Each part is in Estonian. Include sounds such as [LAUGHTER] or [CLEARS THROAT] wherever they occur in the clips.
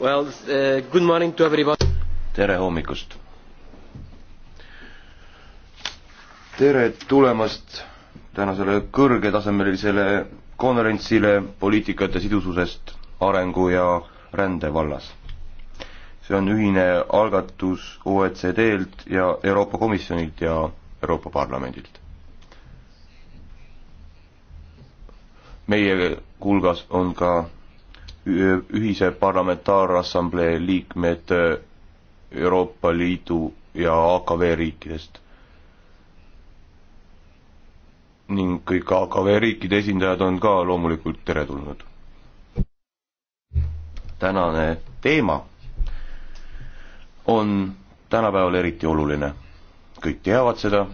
Well, uh, good morning to everybody. tere hommikust! tere tulemast tänasele kõrgetasemelisele konverentsile poliitikate sidususest arengu ja rände vallas. see on ühine algatus OECD-lt ja Euroopa Komisjonilt ja Euroopa Parlamendilt. meie hulgas on ka ühise parlamentaarassamblee liikmed äh, Euroopa Liidu ja AKV riikidest. ning kõik AKV riikide esindajad on ka loomulikult teretulnud. tänane teema on tänapäeval eriti oluline. kõik teavad seda,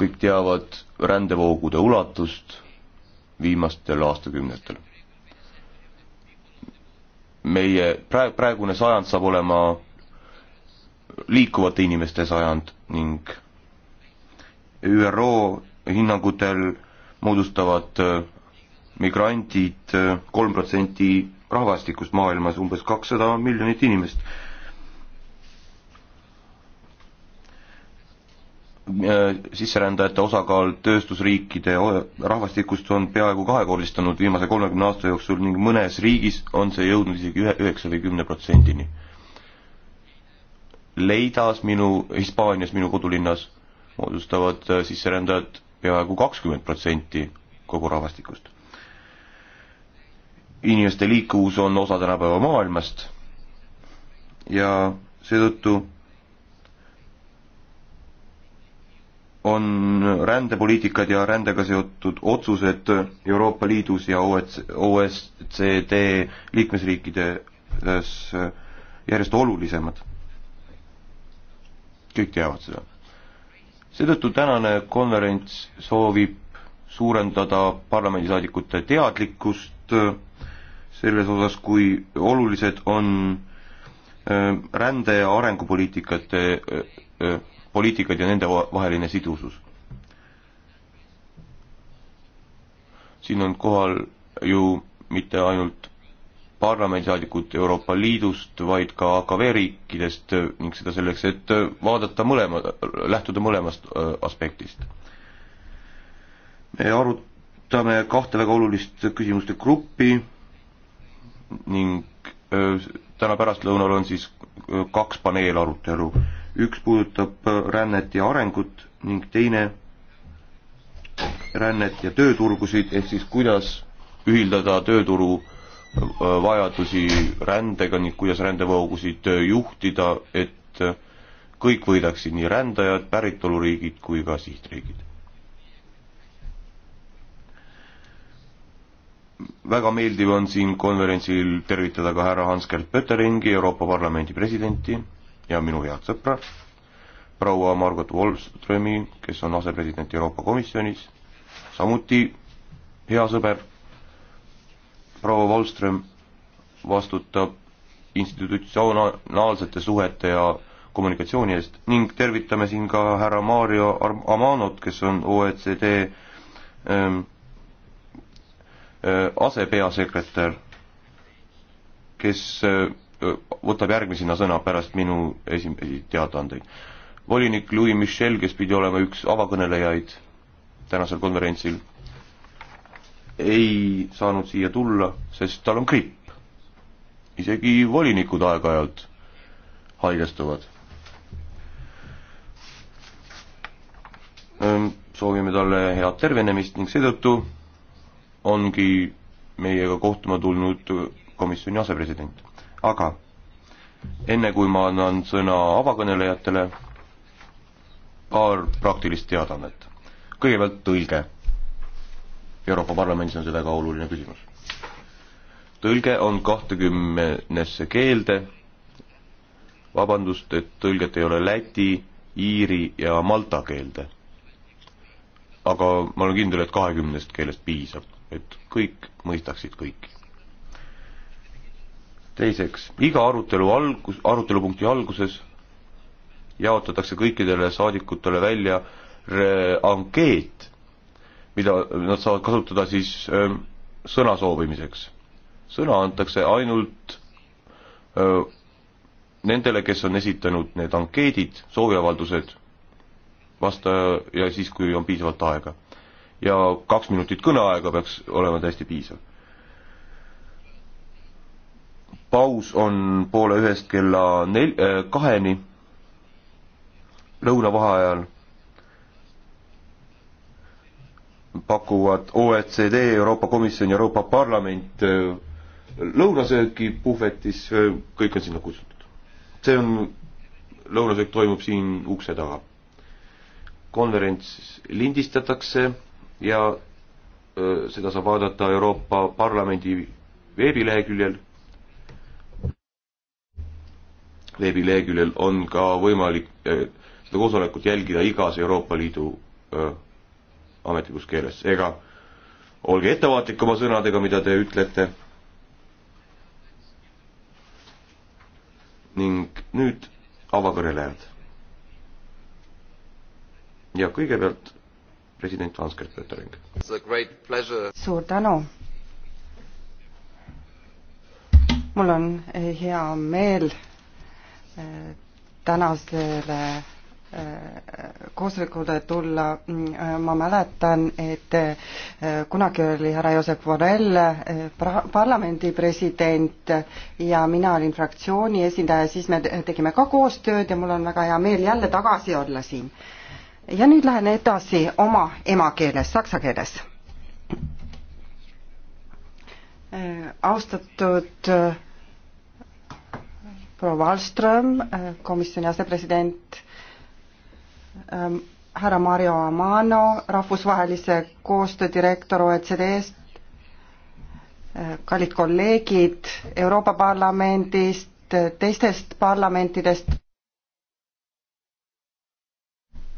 kõik teavad rändevoogude ulatust viimastel aastakümnetel meie pra-, praegune sajand saab olema liikuvate inimeste sajand ning ÜRO hinnangutel moodustavad äh, migrandid äh, kolm protsenti rahvastikust maailmas, umbes kakssada miljonit inimest Äh, sisserändajate osakaal tööstusriikide rahvastikust on peaaegu kahekordistunud viimase kolmekümne aasta jooksul ning mõnes riigis on see jõudnud isegi ühe, üheksa või kümne protsendini. Leidas minu, Hispaanias, minu kodulinnas moodustavad äh, sisserändajad peaaegu kakskümmend protsenti kogu rahvastikust. inimeste liikuvus on osa tänapäeva maailmast ja seetõttu on rändepoliitikad ja rändega seotud otsused Euroopa Liidus ja OECD e liikmesriikides järjest olulisemad. kõik teavad seda. seetõttu tänane konverents soovib suurendada parlamendisaadikute teadlikkust selles osas, kui olulised on äh, rände- ja arengupoliitikate äh, äh, poliitikaid ja nende vaheline sidusus. siin on kohal ju mitte ainult parlamendisaadikud Euroopa Liidust, vaid ka AKV riikidest ning seda selleks, et vaadata mõlema, lähtuda mõlemast äh, aspektist. me arutame kahte väga olulist küsimuste gruppi ning äh, täna pärastlõunal on siis kaks paneelarutelu. üks puudutab rännet ja arengut ning teine rännet ja tööturgusid, ehk siis kuidas ühildada tööturu vajadusi rändega ning kuidas rändevoogusid juhtida, et kõik võidaksid, nii rändajad, päritoluriigid kui ka sihtriigid. väga meeldiv on siin konverentsil tervitada ka härra Hans-Gert Pötteringi, Euroopa Parlamendi presidenti ja minu head sõpra, proua Margot Wallströmi, kes on asepresident Euroopa Komisjonis, samuti hea sõber, proua Wallström vastutab institutsionaalsete suhete ja kommunikatsiooni eest ning tervitame siin ka härra Mario Amanot, kes on OECD ähm, Äh, asepeasekretär, kes äh, võtab järgmisena sõna pärast minu esimesi teadaandeid. volinik Louis Michel, kes pidi olema üks avakõnelejaid tänasel konverentsil, ei saanud siia tulla, sest tal on gripp. isegi volinikud aeg-ajalt haigestuvad. Ähm, soovime talle head tervenemist ning seetõttu ongi meiega kohtuma tulnud komisjoni asepresident. aga enne kui ma annan sõna avakõnelejatele, paar praktilist teadaannet. kõigepealt tõlge. Euroopa Parlamendis on see väga oluline küsimus. tõlge on kahtekümnesse keelde, vabandust, et tõlget ei ole läti, iiri ja malta keelde. aga ma olen kindel, et kahekümnest keelest piisab et kõik mõistaksid kõiki. teiseks, iga arutelu algus, arutelupunkti alguses jaotatakse kõikidele saadikutele välja ankeet, mida nad saavad kasutada siis öö, ähm, sõna soovimiseks. sõna antakse ainult öö, äh, nendele, kes on esitanud need ankeedid, sooviavaldused, vastaja ja siis, kui on piisavalt aega ja kaks minutit kõneaega peaks olema täiesti piisav. paus on poole ühest kella nel-, äh, kaheni lõunavaheajal pakuvad OECD, Euroopa Komisjon, Euroopa Parlament äh, lõunasööki puhvetis, äh, kõik on sinna kutsutud. see on, lõunasöök toimub siin ukse taga. konverents lindistatakse ja öö, seda saab vaadata Euroopa Parlamendi veebileheküljel. veebileheküljel on ka võimalik öö, seda koosolekut jälgida igas Euroopa Liidu öö, ametlikus keeles, seega olge ettevaatlik oma sõnadega, mida te ütlete. ning nüüd avakõnelejad. ja kõigepealt president Hans-Gert Pöttering. suur tänu! mul on eh, hea meel eh, tänasele eh, koosolekule tulla, mm, ma mäletan, et kunagi oli härra Joosep Borrell parlamendi president ja mina olin fraktsiooni esindaja, siis me tegime ka koostööd ja mul on väga hea meel jälle tagasi olla siin ja nüüd lähen edasi oma emakeeles, saksa keeles. Äh, austatud äh, proua Wallström, äh, komisjoni asepresident, ähm, härra Mario Amano, rahvusvahelise koostöö direktor OECD-st, kallid kolleegid Euroopa Parlamendist, teistest parlamentidest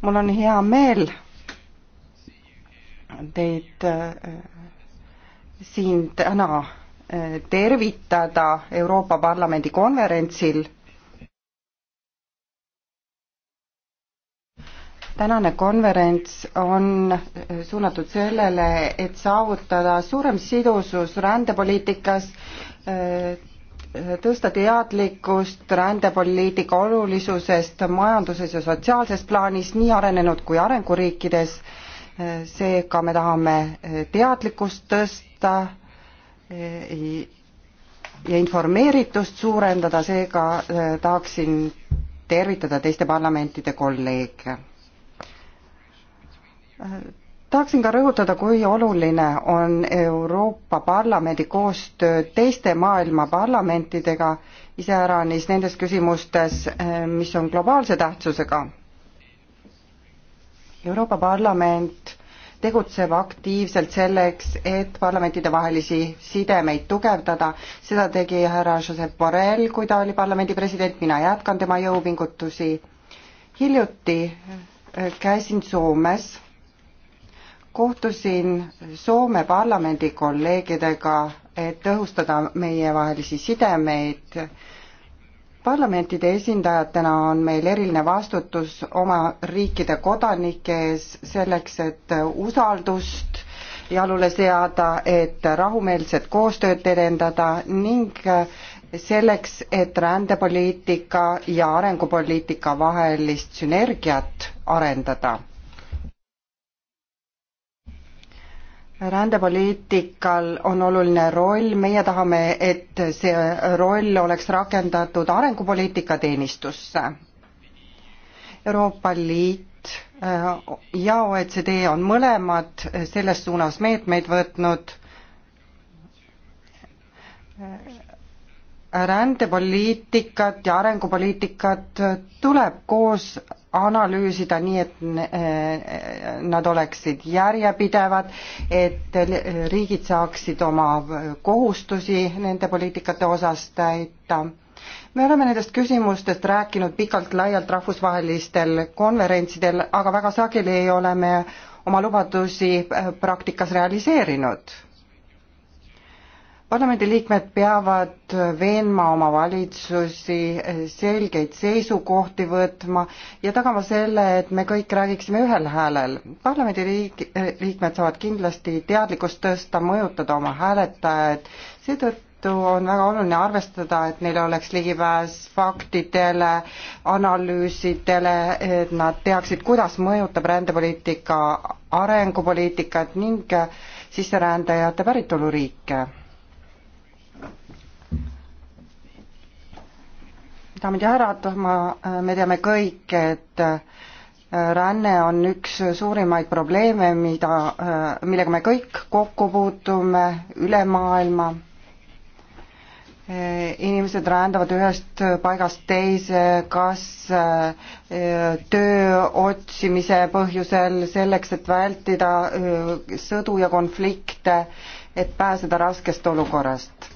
mul on hea meel teid äh, siin täna äh, tervitada Euroopa Parlamendi konverentsil. tänane konverents on äh, suunatud sellele, et saavutada suurem sidusus rändepoliitikas, tõsta teadlikkust rändepoliitika olulisusest majanduses ja sotsiaalses plaanis nii arenenud kui arenguriikides. seega me tahame teadlikkust tõsta ja informeeritust suurendada, seega tahaksin tervitada teiste parlamentide kolleege tahaksin ka rõhutada, kui oluline on Euroopa Parlamendi koostöö teiste maailma parlamentidega, iseäranis nendes küsimustes, mis on globaalse tähtsusega. Euroopa Parlament tegutseb aktiivselt selleks, et parlamentidevahelisi sidemeid tugevdada, seda tegi härra Josep Borrell, kui ta oli parlamendi president, mina jätkan tema jõupingutusi. hiljuti käisin Soomes kohtusin Soome parlamendi kolleegidega, et tõhustada meievahelisi sidemeid. parlamentide esindajatena on meil eriline vastutus oma riikide kodanike ees selleks, et usaldust jalule seada, et rahumeelset koostööd edendada ning selleks, et rändepoliitika ja arengupoliitika vahelist sünergiat arendada rändepoliitikal on oluline roll, meie tahame, et see roll oleks rakendatud arengupoliitika teenistusse. Euroopa Liit äh, ja OECD on mõlemad selles suunas meetmeid võtnud. Äh, rändepoliitikat ja arengupoliitikat tuleb koos analüüsida nii, et nad oleksid järjepidevad, et riigid saaksid oma kohustusi nende poliitikate osas täita. me oleme nendest küsimustest rääkinud pikalt-laialt rahvusvahelistel konverentsidel, aga väga sageli ei ole me oma lubadusi praktikas realiseerinud parlamendiliikmed peavad veenma oma valitsusi, selgeid seisukohti võtma ja tagama selle, et me kõik räägiksime ühel häälel. parlamendiliik-, liikmed saavad kindlasti teadlikkust tõsta, mõjutada oma hääletajaid, seetõttu on väga oluline arvestada, et neil oleks ligipääs faktidele, analüüsidele, et nad teaksid, kuidas mõjutab rändepoliitika arengupoliitikat ning sisserändajate päritoluriike daamid ja härrad, ma, äh, me teame kõik, et äh, ränne on üks suurimaid probleeme, mida, äh, millega me kõik kokku puutume üle maailma. inimesed rändavad ühest paigast teise, kas töö otsimise põhjusel, selleks, et vältida sõdu ja konflikte, et pääseda raskest olukorrast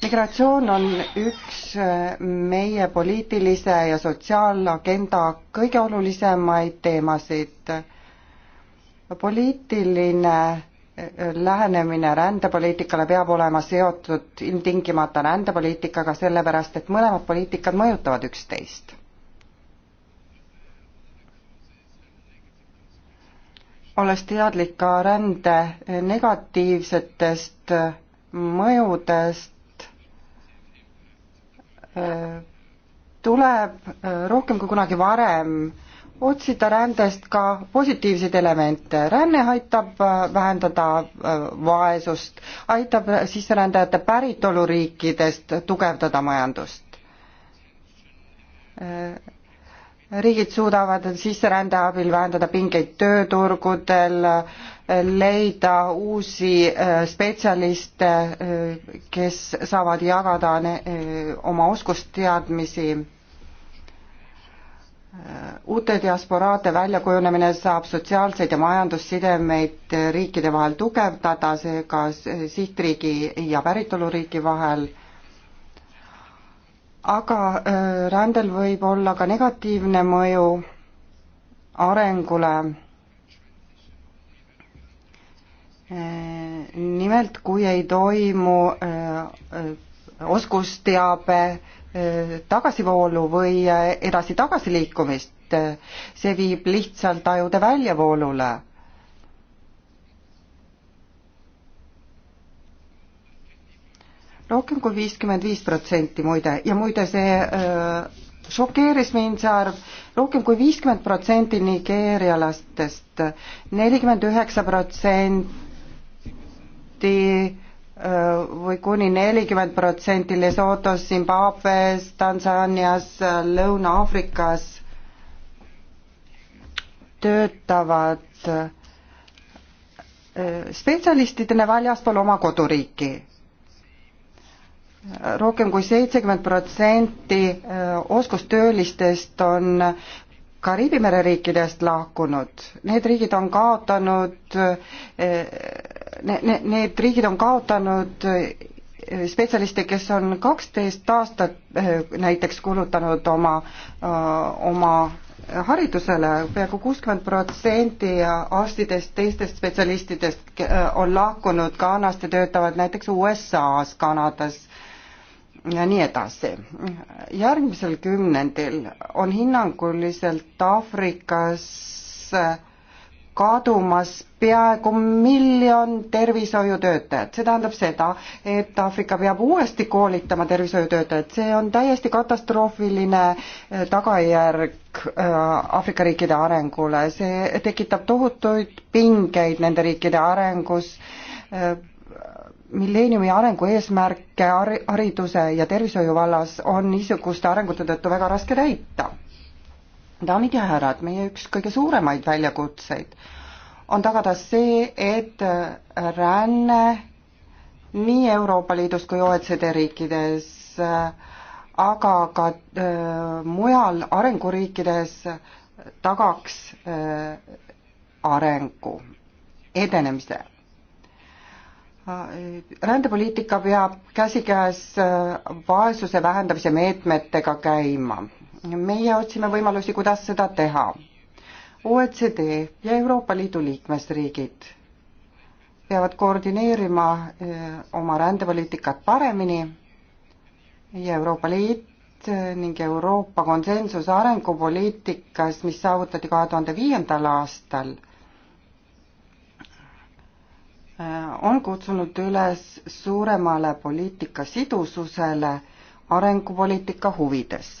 migratsioon on üks eh, meie poliitilise ja sotsiaalagenda kõige olulisemaid teemasid. poliitiline eh, lähenemine rändepoliitikale peab olema seotud ilmtingimata rändepoliitikaga, sellepärast et mõlemad poliitikad mõjutavad üksteist. olles teadlik ka rände negatiivsetest eh, mõjudest, tuleb äh, rohkem kui kunagi varem otsida rändest ka positiivseid elemente. ränne aitab äh, vähendada äh, vaesust, aitab sisserändajate päritoluriikidest tugevdada majandust. riigid suudavad sisserände abil vähendada pingeid tööturgudel, leida uusi äh, spetsialiste, äh, kes saavad jagada ne, äh, oma oskusteadmisi. uute diasporaate väljakujunemine saab sotsiaalseid ja majandussidemeid riikide vahel tugevdada, seega sihtriigi ja päritoluriigi vahel aga rändel võib olla ka negatiivne mõju arengule Äh, nimelt, kui ei toimu äh, äh, oskusteabe tagasivoolu või edasi-tagasi liikumist, see viib lihtsalt ajude väljavoolule. rohkem kui viiskümmend viis protsenti muide ja muide see šokeeris mind see arv, rohkem kui viiskümmend protsenti nigeerialastest, nelikümmend üheksa protsenti protsenti äh, või kuni nelikümmend protsenti Lesotos, Zimbabwe's, Tansaanias, Lõuna-Aafrikas töötavad äh, spetsialistidena väljaspool oma koduriiki rohkem kui seitsekümmend protsenti äh, oskustöölistest on Kariibi mere riikidest lahkunud, need riigid on kaotanud ne-, need riigid on kaotanud äh, spetsialiste, kes on kaksteist aastat äh, näiteks kulutanud oma, äh, oma haridusele, peaaegu kuuskümmend protsenti arstidest, teistest spetsialistidest on lahkunud Ghanast ja töötavad näiteks USA-s, Kanadas ja nii edasi. järgmisel kümnendil on hinnanguliselt Aafrikas kadumas peaaegu miljon tervishoiutöötajat, see tähendab seda, et Aafrika peab uuesti koolitama tervishoiutöötajad, see on täiesti katastroofiline eh, tagajärg eh, Aafrika riikide arengule, see tekitab tohutuid pingeid nende riikide arengus, eh, milleeniumi arengu eesmärke hariduse ja tervishoiu vallas on niisuguste arengute tõttu väga raske täita daamid ja härrad, meie üks kõige suuremaid väljakutseid on tagada see, et äh, ränne nii Euroopa Liidus kui OECD riikides, äh, aga ka äh, mujal arenguriikides tagaks äh, arengu edenemise. Äh, rändepoliitika peab käsikäes vaesuse vähendamise meetmetega käima meie otsime võimalusi, kuidas seda teha. OECD ja Euroopa Liidu liikmesriigid peavad koordineerima eh, oma rändepoliitikat paremini ja Euroopa Liit eh, ning Euroopa konsensus arengupoliitikas, mis saavutati kahe tuhande viiendal aastal, eh, on kutsunud üles suuremale poliitika sidususele arengupoliitika huvides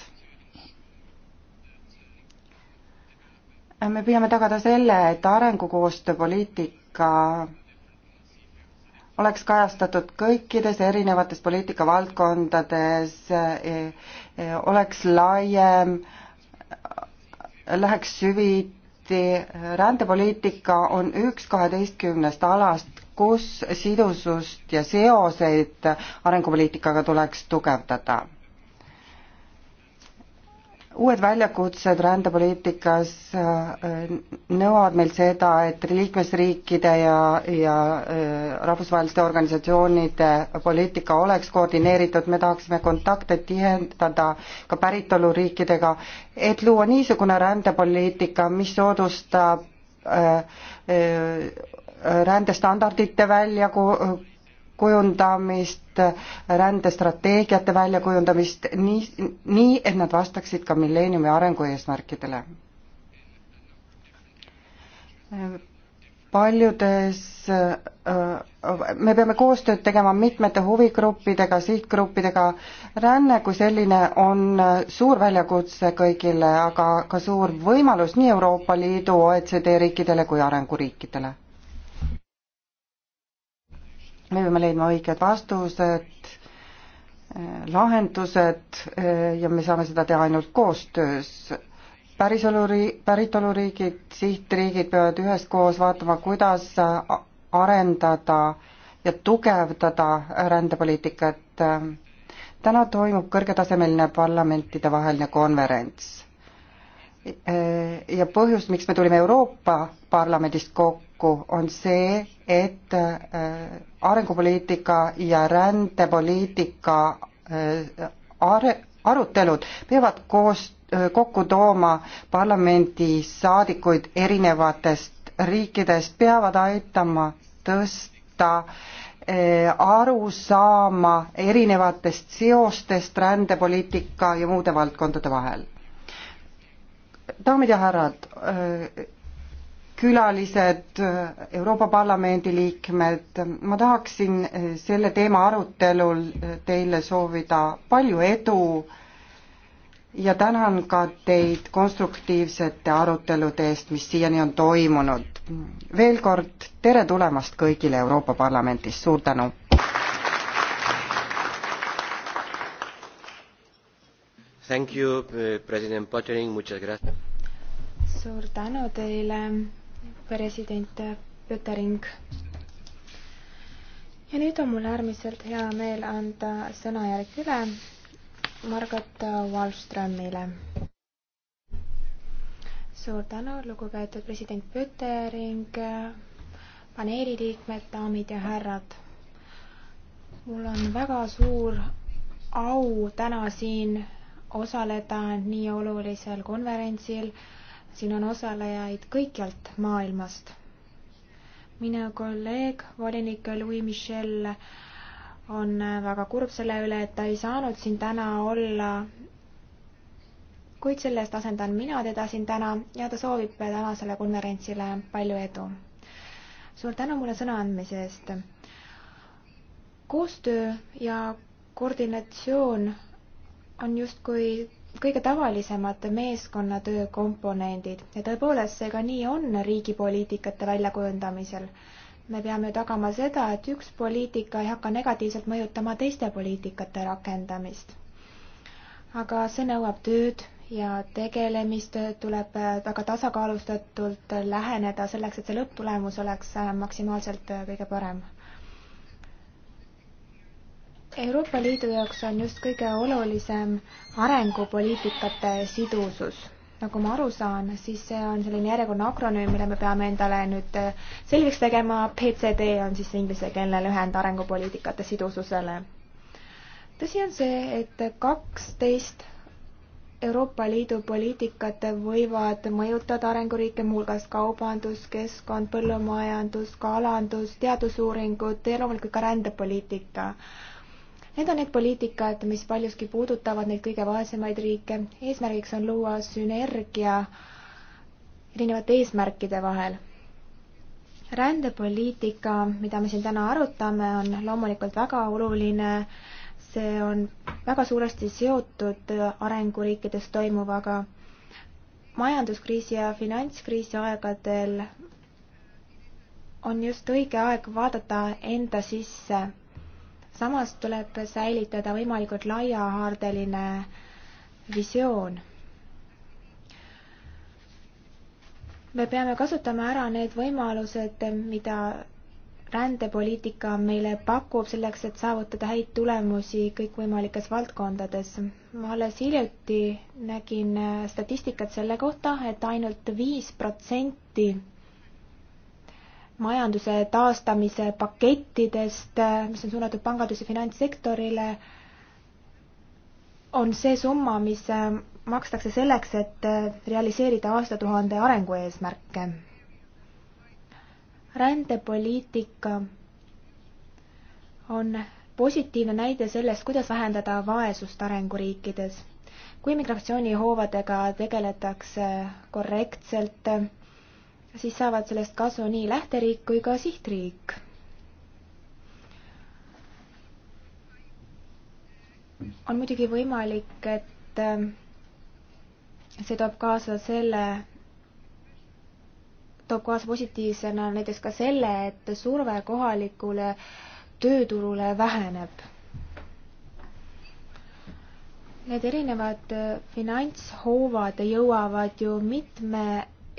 me püüame tagada selle, et arengukoostööpoliitika oleks kajastatud kõikides erinevates poliitikavaldkondades, e, e, oleks laiem, läheks süviti, rändepoliitika on üks kaheteistkümnest alast, kus sidusust ja seoseid arengupoliitikaga tuleks tugevdada uued väljakutsed rändepoliitikas äh, nõuavad meilt seda, et liikmesriikide ja, ja äh, rahvusvaheliste organisatsioonide poliitika oleks koordineeritud, me tahaksime kontakte tihendada ka päritoluriikidega, et luua niisugune rändepoliitika, mis soodustab äh, rändestandardite välja väljakujundamist, rändestrateegiate väljakujundamist, nii, nii et nad vastaksid ka milleeniumi arengu eesmärkidele. paljudes, me peame koostööd tegema mitmete huvigruppidega, sihtgruppidega, ränne kui selline on suur väljakutse kõigile, aga ka suur võimalus nii Euroopa Liidu, OECD riikidele kui arenguriikidele me peame leidma õiged vastused, eh, lahendused eh, ja me saame seda teha ainult koostöös. pärisoluri, päritoluriigid, sihtriigid peavad üheskoos vaatama, kuidas arendada ja tugevdada rändepoliitikat. täna toimub kõrgetasemeline parlamentidevaheline konverents Äh, ja põhjus, miks me tulime Euroopa Parlamendist kokku, on see, et äh, arengupoliitika ja rändepoliitika äh, are-, arutelud peavad koos, kokku tooma parlamendisaadikuid erinevatest riikidest, peavad aitama tõsta aru saama erinevatest seostest rändepoliitika ja muude valdkondade vahel daamid ja härrad, külalised, Euroopa Parlamendi liikmed, ma tahaksin selle teema arutelul teile soovida palju edu ja tänan ka teid konstruktiivsete arutelude eest, mis siiani on toimunud. veel kord tere tulemast kõigile Euroopa Parlamendis, suur tänu! Thank you, uh, president Pottering, muchas gracias. suur tänu teile, president Pottering. ja nüüd on mul äärmiselt hea meel anda sõnajärg üle Margot Wallströmile. suur tänu, lugupeetud president Pöttering, paneeli liikmed, daamid ja härrad. mul on väga suur au täna siin osaleda nii olulisel konverentsil. siin on osalejaid kõikjalt maailmast. minu kolleeg, volinik Louis Michel on väga kurb selle üle, et ta ei saanud siin täna olla. kuid selle eest asendan mina teda siin täna ja ta soovib tänasele konverentsile palju edu. suur tänu mulle sõna andmise eest. koostöö ja koordinatsioon on justkui kõige tavalisemad meeskonnatöö komponendid ja tõepoolest see ka nii on riigi poliitikate väljakujundamisel. me peame ju tagama seda, et üks poliitika ei hakka negatiivselt mõjutama teiste poliitikate rakendamist. aga see nõuab tööd ja tegelemist, tuleb väga tasakaalustatult läheneda selleks, et see lõpptulemus oleks maksimaalselt kõige parem Euroopa Liidu jaoks on just kõige olulisem arengupoliitikate sidusus. nagu ma aru saan, siis see on selline järjekordne akronüüm, mille me peame endale nüüd äh, selgeks tegema. PCD on siis inglisekeelne lühend arengupoliitikate sidususele. tõsi on see, et kaksteist Euroopa Liidu poliitikat võivad mõjutada arenguriike, muuhulgas kaubandus, keskkond, põllumajandus, kalandus, teadusuuringud ja loomulikult ka rändepoliitika Need on need poliitikad, mis paljuski puudutavad neid kõige vaesemaid riike. eesmärgiks on luua sünergia erinevate eesmärkide vahel. rändepoliitika, mida me siin täna arutame, on loomulikult väga oluline see on väga suuresti seotud arenguriikides toimuvaga. majanduskriisi ja finantskriisi aegadel on just õige aeg vaadata enda sisse samas tuleb säilitada võimalikult laiahaardeline visioon. me peame kasutama ära need võimalused, mida rändepoliitika meile pakub selleks, et saavutada häid tulemusi kõikvõimalikes valdkondades. ma alles hiljuti nägin statistikat selle kohta et, et ainult viis protsenti majanduse taastamise pakettidest, mis on suunatud pangandus- ja finantssektorile, on see summa, mis äh, makstakse selleks, et äh, realiseerida aastatuhande arengueesmärke. rändepoliitika on positiivne näide sellest, kuidas vähendada vaesust arenguriikides. kui migratsioonihoovadega tegeletakse korrektselt, siis saavad sellest kasu nii lähteriik kui ka sihtriik. on muidugi võimalik, et äh, see toob kaasa selle, toob kaasa positiivsena näiteks ka selle, et surve kohalikule tööturule väheneb need erinevad äh, finantshoovad jõuavad ju mitme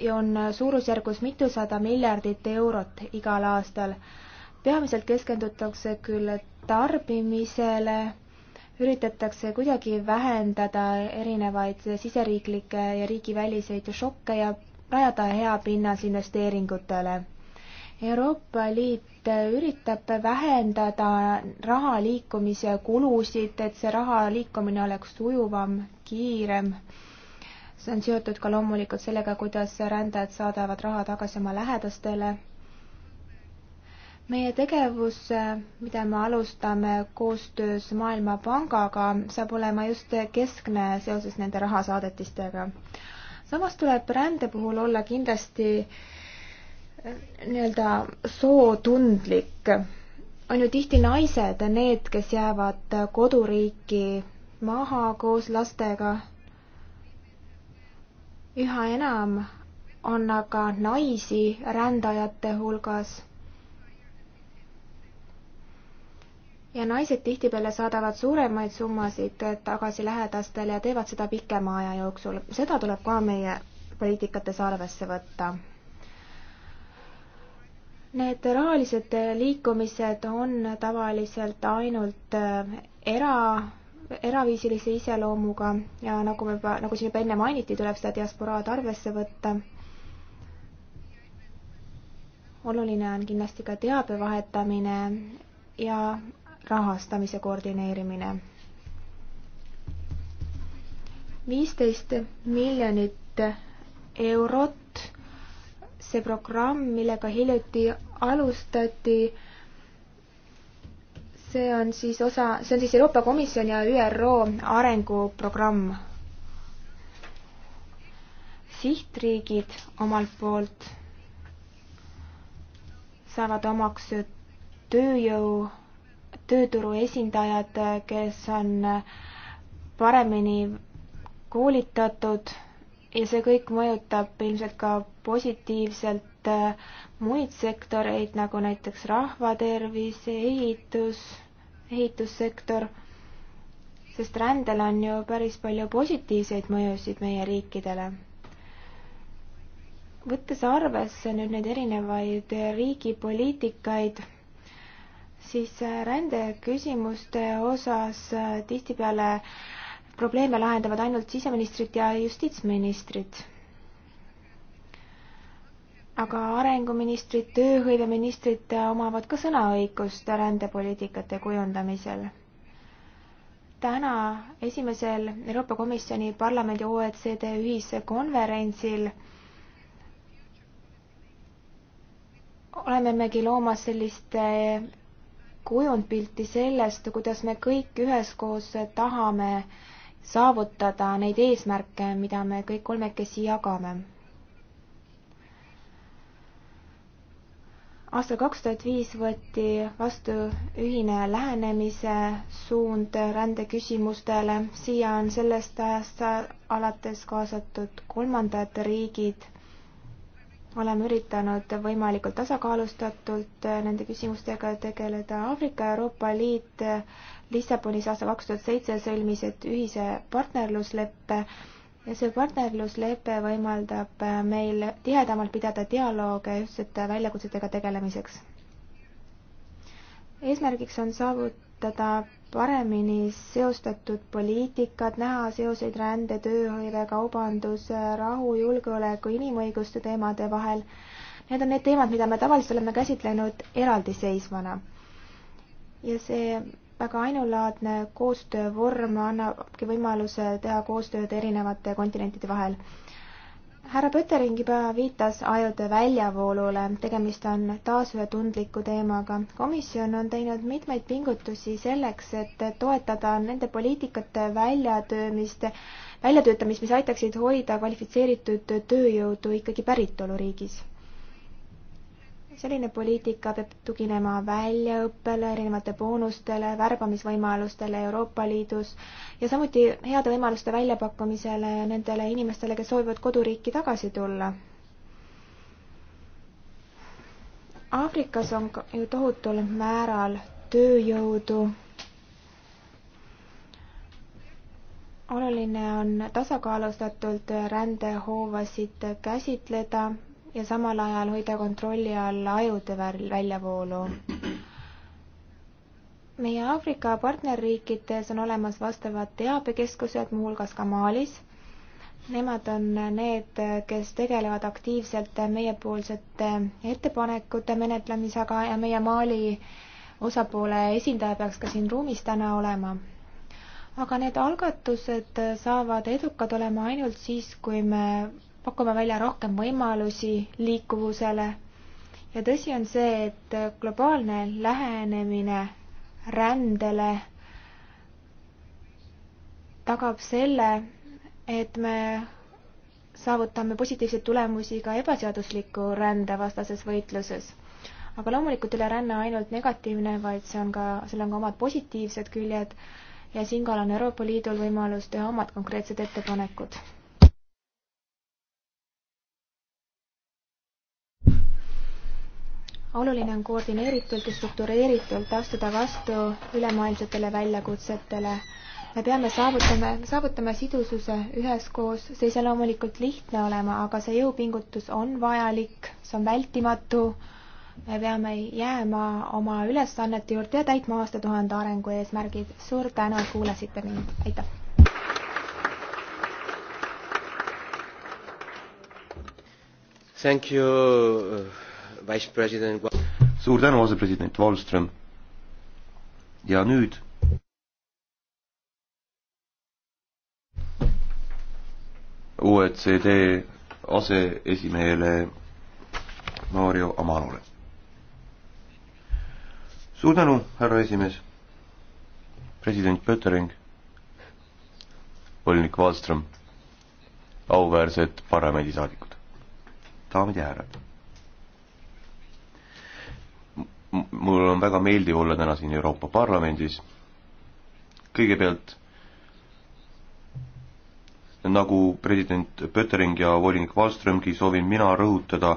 ja on suurusjärgus mitusada miljardit eurot igal aastal. peamiselt keskendutakse küll tarbimisele, üritatakse kuidagi vähendada erinevaid siseriiklikke ja riigiväliseid šokke ja rajada hea pinnas investeeringutele. Euroopa Liit üritab vähendada raha liikumise kulusid, et see raha liikumine oleks sujuvam, kiirem see on seotud ka loomulikult sellega, kuidas rändajad saadavad raha tagasi oma lähedastele. meie tegevus, mida me alustame koostöös Maailmapangaga, saab olema just keskne seoses nende rahasaadetistega. samas tuleb rände puhul olla kindlasti eh, nii-öelda sootundlik. on ju tihti naised need, kes jäävad koduriiki maha koos lastega üha enam on aga naisi rändajate hulgas. ja naised tihtipeale saadavad suuremaid summasid tagasi lähedastele ja teevad seda pikema aja jooksul. seda tuleb ka meie poliitikates arvesse võtta. Need rahalised liikumised on tavaliselt ainult äh, era eraviisilise iseloomuga ja nagu me juba, nagu siin juba enne mainiti, tuleb seda diasporaad arvesse võtta. oluline on kindlasti ka teabe vahetamine ja rahastamise koordineerimine. viisteist miljonit eurot, see programm, millega hiljuti alustati see on siis osa, see on siis Euroopa Komisjon ja ÜRO arenguprogramm. sihtriigid omalt poolt saavad omaks tööjõu, tööturu esindajad, kes on paremini koolitatud ja see kõik mõjutab ilmselt ka positiivselt et äh, muid sektoreid, nagu näiteks rahvatervis, ehitus, ehitussektor, sest rändel on ju päris palju positiivseid mõjusid meie riikidele. võttes arvesse nüüd neid erinevaid riigi poliitikaid, siis äh, rändeküsimuste osas äh, tihtipeale probleeme lahendavad ainult siseministrid ja justiitsministrid aga arenguministrid, tööhõiveministrid omavad ka sõnaõigust rändepoliitikate kujundamisel. täna esimesel Euroopa Komisjoni parlamendi OECD ühiskonverentsil oleme megi loomas sellist eh, kujundpilti sellest, kuidas me kõik üheskoos tahame saavutada neid eesmärke, mida me kõik kolmekesi jagame aastal kaks tuhat viis võeti vastu ühine lähenemise suund rändeküsimustele. siia on sellest ajast alates kaasatud kolmandad riigid. oleme üritanud võimalikult tasakaalustatult nende küsimustega tegeleda. Aafrika ja Euroopa Liit Lissabonis aastal kaks tuhat seitse sõlmisid ühise partnerlusleppe ja see partnerluslepe võimaldab äh, meil tihedamalt pidada dialoog ühtsete väljakutsetega tegelemiseks. eesmärgiks on saavutada paremini seostatud poliitikad, näha seoseid rände, tööhõive, kaubandus, rahu, julgeoleku, inimõiguste teemade vahel. Need on need teemad, mida me tavaliselt oleme käsitlenud eraldiseisvana. ja see väga ainulaadne koostöövorm annabki võimaluse teha koostööd erinevate kontinentide vahel. härra Pöttering juba viitas ajude väljavoolule, tegemist on taas ühe tundliku teemaga. komisjon on teinud mitmeid pingutusi selleks, et toetada nende poliitikate väljatöömist, väljatöötamist, mis aitaksid hoida kvalifitseeritud tööjõudu ikkagi päritoluriigis selline poliitika peab tuginema väljaõppele, erinevate boonustele, värbamisvõimalustele Euroopa Liidus ja samuti heade võimaluste väljapakkumisele nendele inimestele, kes soovivad koduriiki tagasi tulla. Aafrikas on ju tohutul määral tööjõudu. oluline on tasakaalustatult rändehoovasid käsitleda ja samal ajal hoida kontrolli all ajude väljavoolu. meie Aafrika partnerriikides on olemas vastavad teabekeskused, muuhulgas ka Malis. Nemad on need, kes tegelevad aktiivselt meiepoolsete ettepanekute menetlemisega ja meie Mali osapoole esindaja peaks ka siin ruumis täna olema aga need algatused saavad edukad olema ainult siis, kui me pakume välja rohkem võimalusi liikuvusele ja tõsi on see, et globaalne lähenemine rändele tagab selle, et me saavutame positiivseid tulemusi ka ebaseadusliku rände vastases võitluses. aga loomulikult ei ole ränne ainult negatiivne, vaid see on ka, seal on ka omad positiivsed küljed ja siinkohal on Euroopa Liidul võimalus teha omad konkreetsed ettepanekud oluline on koordineeritult ja struktureeritult astuda vastu ülemaailmsetele väljakutsetele. me peame saavutama, saavutama sidususe üheskoos, see ei saa loomulikult lihtne olema, aga see jõupingutus on vajalik, see on vältimatu me peame jääma oma ülesannete juurde ja täitma aastatuhande arengu eesmärgid. suur tänu, et kuulasite mind, aitäh! Thank you uh, President... suur tänu, asepresident Wallström. ja nüüd OECD aseesimehele Mario Amanole. suur tänu, härra esimees, president Pöttering, volinik Wallström, auväärsed parlamendisaadikud, daamid ja härrad mul on väga meeldiv olla täna siin Euroopa Parlamendis. kõigepealt nagu president Pöttering ja volinik Wallströmgi soovin mina rõhutada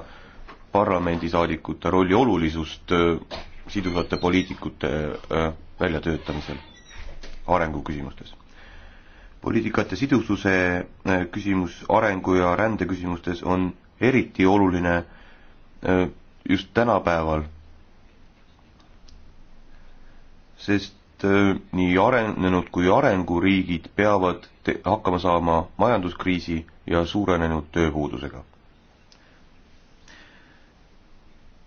parlamendisaadikute rolli olulisust äh, siduvate poliitikute äh, väljatöötamisel arenguküsimustes. poliitikate sidususe äh, küsimus arengu- ja rändeküsimustes on eriti oluline just tänapäeval sest äh, nii arenenud kui arenguriigid peavad hakkama saama majanduskriisi ja suurenenud tööpuudusega.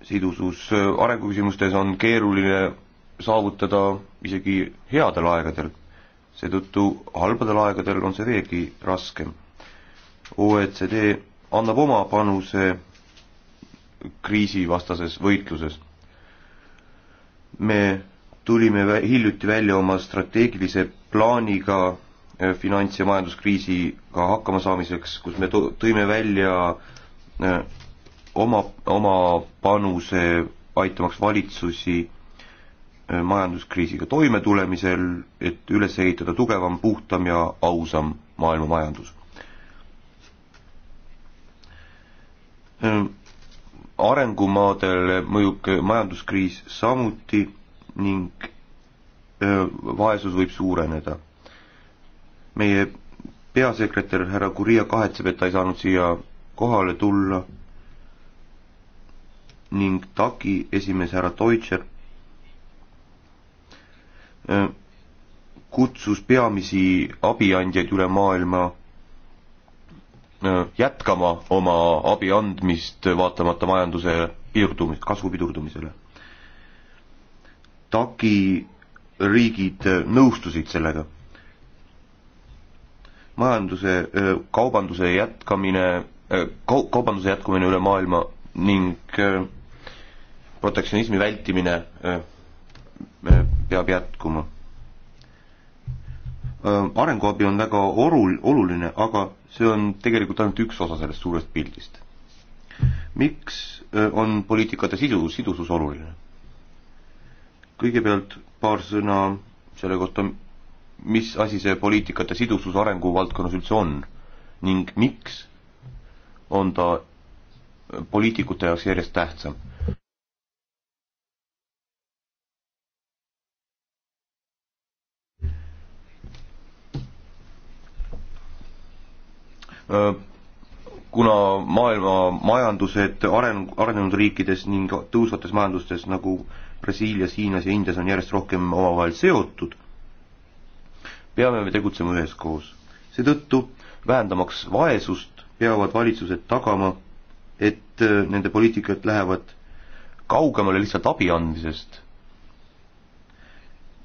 sidusus äh, arenguküsimustes on keeruline saavutada isegi headel aegadel, seetõttu halbadel aegadel on see veelgi raskem. OECD annab oma panuse kriisivastases võitluses. me tulime hiljuti välja oma strateegilise plaaniga äh, finants- ja majanduskriisiga hakkama saamiseks, kus me tõime välja äh, oma, oma panuse aitamaks valitsusi äh, majanduskriisiga toimetulemisel, et üles ehitada tugevam, puhtam ja ausam maailmamajandus. arengumaadele mõjub majanduskriis samuti ning vaesus võib suureneda. meie peasekretär härra Kuria kahetseb, et ta ei saanud siia kohale tulla ning TAKi esimees härra Deutscher kutsus peamisi abiandjaid üle maailma jätkama oma abi andmist vaatamata majanduse piirdumis-, kasvu pidurdumisele Taki riigid äh, nõustusid sellega. majanduse, äh, kaubanduse jätkamine, äh, kau-, kaubanduse jätkumine üle maailma ning protektsionismi vältimine peab jätkuma. arenguabi on väga orul-, oluline, aga see on tegelikult ainult üks osa sellest suurest pildist. miks on poliitikate sisu, sidusus oluline? kõigepealt paar sõna selle kohta, mis asi see poliitikate sidusus arenguvaldkonnas üldse on ning miks on ta poliitikute jaoks järjest tähtsam. Äh, kuna maailma majandused areng, arenenud riikides ning tõusvates majandustes nagu äh, Brasiilias, Hiinas ja Indias on järjest rohkem omavahel seotud, peame me tegutsema üheskoos. seetõttu, vähendamaks vaesust, peavad valitsused tagama, et äh, nende poliitikad lähevad kaugemale lihtsalt abi andmisest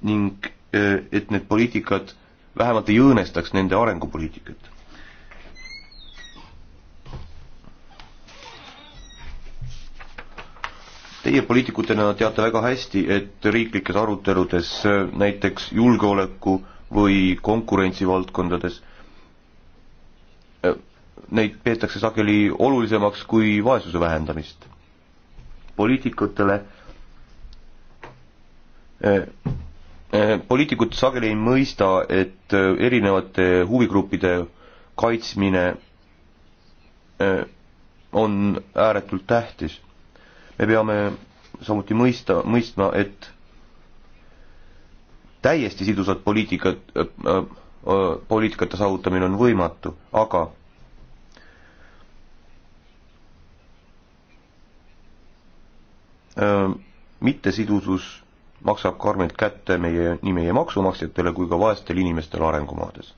ning äh, et need poliitikad vähemalt ei õõnestaks nende arengupoliitikat Teie poliitikutena teate väga hästi, et riiklikes aruteludes näiteks julgeoleku või konkurentsivaldkondades neid peetakse sageli olulisemaks kui vaesuse vähendamist. poliitikutele poliitikud sageli ei mõista, et erinevate huvigruppide kaitsmine on ääretult tähtis me peame samuti mõista, mõistma, et täiesti sidusat poliitikat äh, äh,, äh, poliitikate saavutamine on võimatu, aga äh, mittesidusus maksab karmilt kätte meie, nii meie maksumaksjatele kui ka vaestele inimestele arengumaades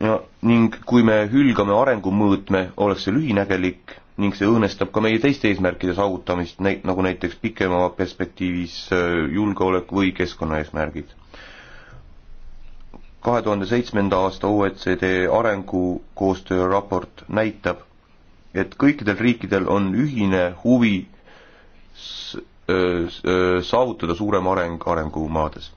ja ning kui me hülgame arengumõõtme, oleks see lühinägelik ning see õõnestab ka meie teiste eesmärkide saavutamist, nagu näiteks pikema perspektiivis äh, julgeolek või keskkonnaeesmärgid. kahe tuhande seitsmenda aasta OECD arengukoostöö raport näitab, et kõikidel riikidel on ühine huvi äh, äh, saavutada suurem areng arengumaades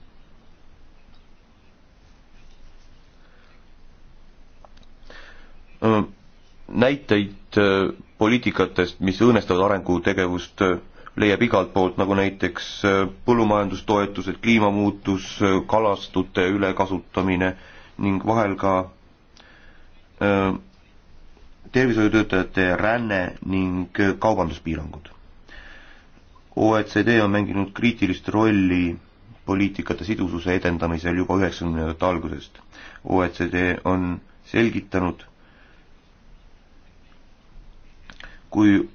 näiteid poliitikatest, mis õõnestavad arengutegevust, leiab igalt poolt, nagu näiteks põllumajandustoetused, kliimamuutus, kalastute ülekasutamine ning vahel ka tervishoiutöötajate ränne ning kaubanduspiirangud. OECD on mänginud kriitilist rolli poliitikate sidususe edendamisel juba üheksakümnendate algusest. OECD on selgitanud kui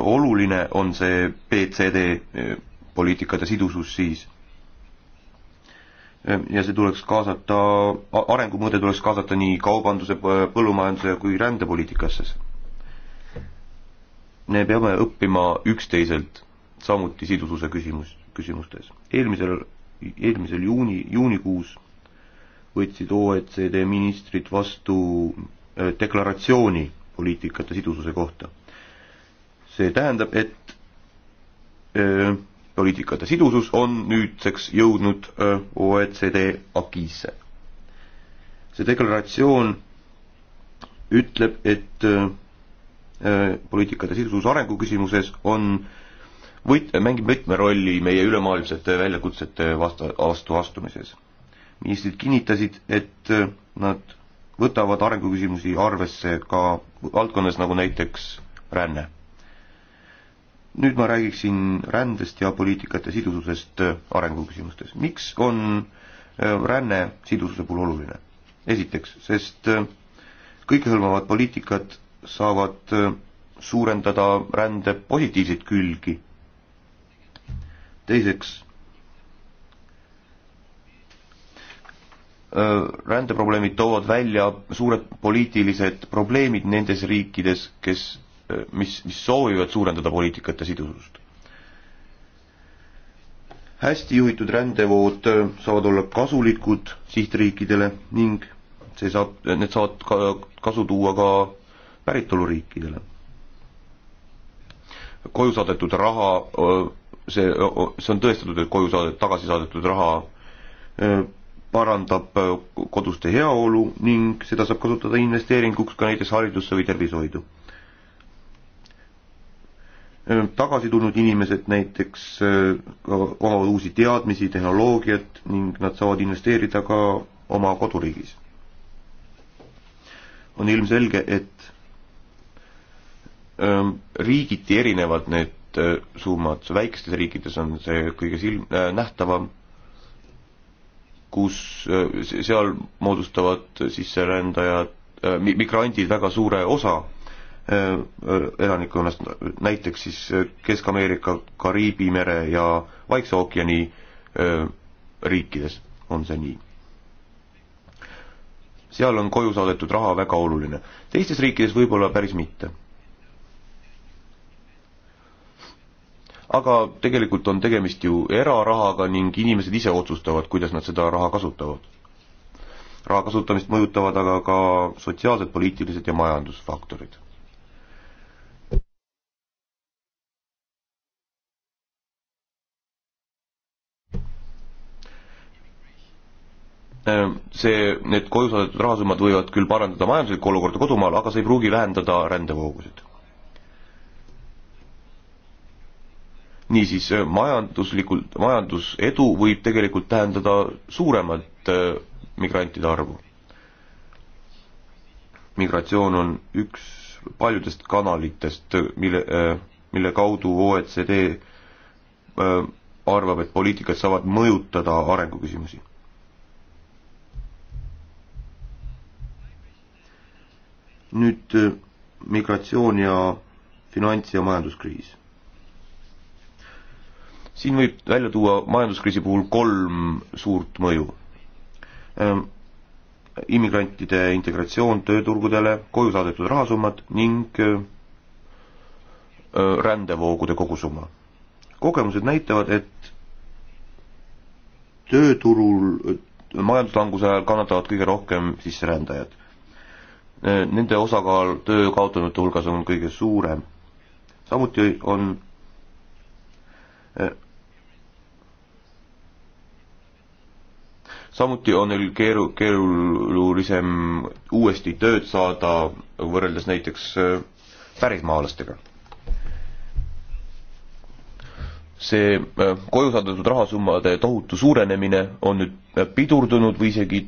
oluline on see BCD poliitikate sidusus siis. ja see tuleks kaasata, arengumõõde tuleks kaasata nii kaubanduse, põllumajanduse kui rändepoliitikasse. me peame õppima üksteiselt samuti sidususe küsimus, küsimustes. eelmisel, eelmisel juuni, juunikuus võtsid OECD ministrid vastu deklaratsiooni poliitikate sidususe kohta. see tähendab, et öö, poliitikate sidusus on nüüdseks jõudnud öö, OECD agiisse. see deklaratsioon ütleb, et öö, poliitikate sidusus arengu küsimuses on võit-, mängib võtmerolli meie ülemaailmsete väljakutsete vasta-, vastu astumises. ministrid kinnitasid, et nad võtavad arenguküsimusi arvesse ka valdkonnas, nagu näiteks ränne. nüüd ma räägiksin rändest ja poliitikate sidususest arenguküsimustes. miks on äh, ränne sidususe puhul oluline? esiteks, sest äh, kõikehõlmavad poliitikad saavad äh, suurendada rände positiivseid külgi. teiseks, rändeprobleemid toovad välja suured poliitilised probleemid nendes riikides, kes, mis, mis soovivad suurendada poliitikate sidusust. hästi juhitud rändevood saavad olla kasulikud sihtriikidele ning see saab, need saavad ka kasu tuua ka päritoluriikidele. koju saadetud raha, see, see on tõestatud, et koju saadet-, tagasi saadetud raha parandab äh, koduste heaolu ning seda saab kasutada investeeringuks ka näiteks haridusse või tervishoidu. Äh, tagasi tulnud inimesed näiteks äh, omavad uusi teadmisi, tehnoloogiat ning nad saavad investeerida ka oma koduriigis. on ilmselge, et ähm, riigiti erinevad need summad, väikestes riikides on see kõige silm-, nähtavam kus äh, seal moodustavad sisserändajad, äh, migrandid väga suure osa äh, elanikkonnast, näiteks siis Kesk-Ameerika, Kariibi mere ja Vaikse ookeani riikides on see nii. seal on koju saadetud raha väga oluline, teistes riikides võib-olla päris mitte aga tegelikult on tegemist ju erarahaga ning inimesed ise otsustavad, kuidas nad seda raha kasutavad. raha kasutamist mõjutavad aga ka sotsiaalsed, poliitilised ja majandusfaktorid. Äh, see, need koju saadetud rahasummad võivad küll parandada majanduslikku olukorda kodumaal, aga see ei pruugi vähendada rändevoogusid niisiis äh, majanduslikult, majandusedu võib tegelikult tähendada suuremat äh, migrantide arvu. migratsioon on üks paljudest kanalitest, äh, mille, mille kaudu OECD arvab, et poliitikad saavad mõjutada arenguküsimusi. nüüd migratsioon ja finants- ja majanduskriis siin võib välja tuua majanduskriisi puhul kolm suurt mõju. Ähm, immigrantide integratsioon tööturgudele, koju saadetud rahasummad ning äh, äh, rändevoogude kogusumma. kogemused näitavad, et tööturul äh, majanduslanguse ajal kannatavad kõige rohkem sisserändajad. Nende osakaal töö kaotanute hulgas on kõige suurem. samuti on samuti on neil keeru-, keerulisem uuesti tööd saada võrreldes näiteks äh, pärismaalastega. see äh, koju saadetud rahasummade tohutu suurenemine on nüüd äh, pidurdunud või isegi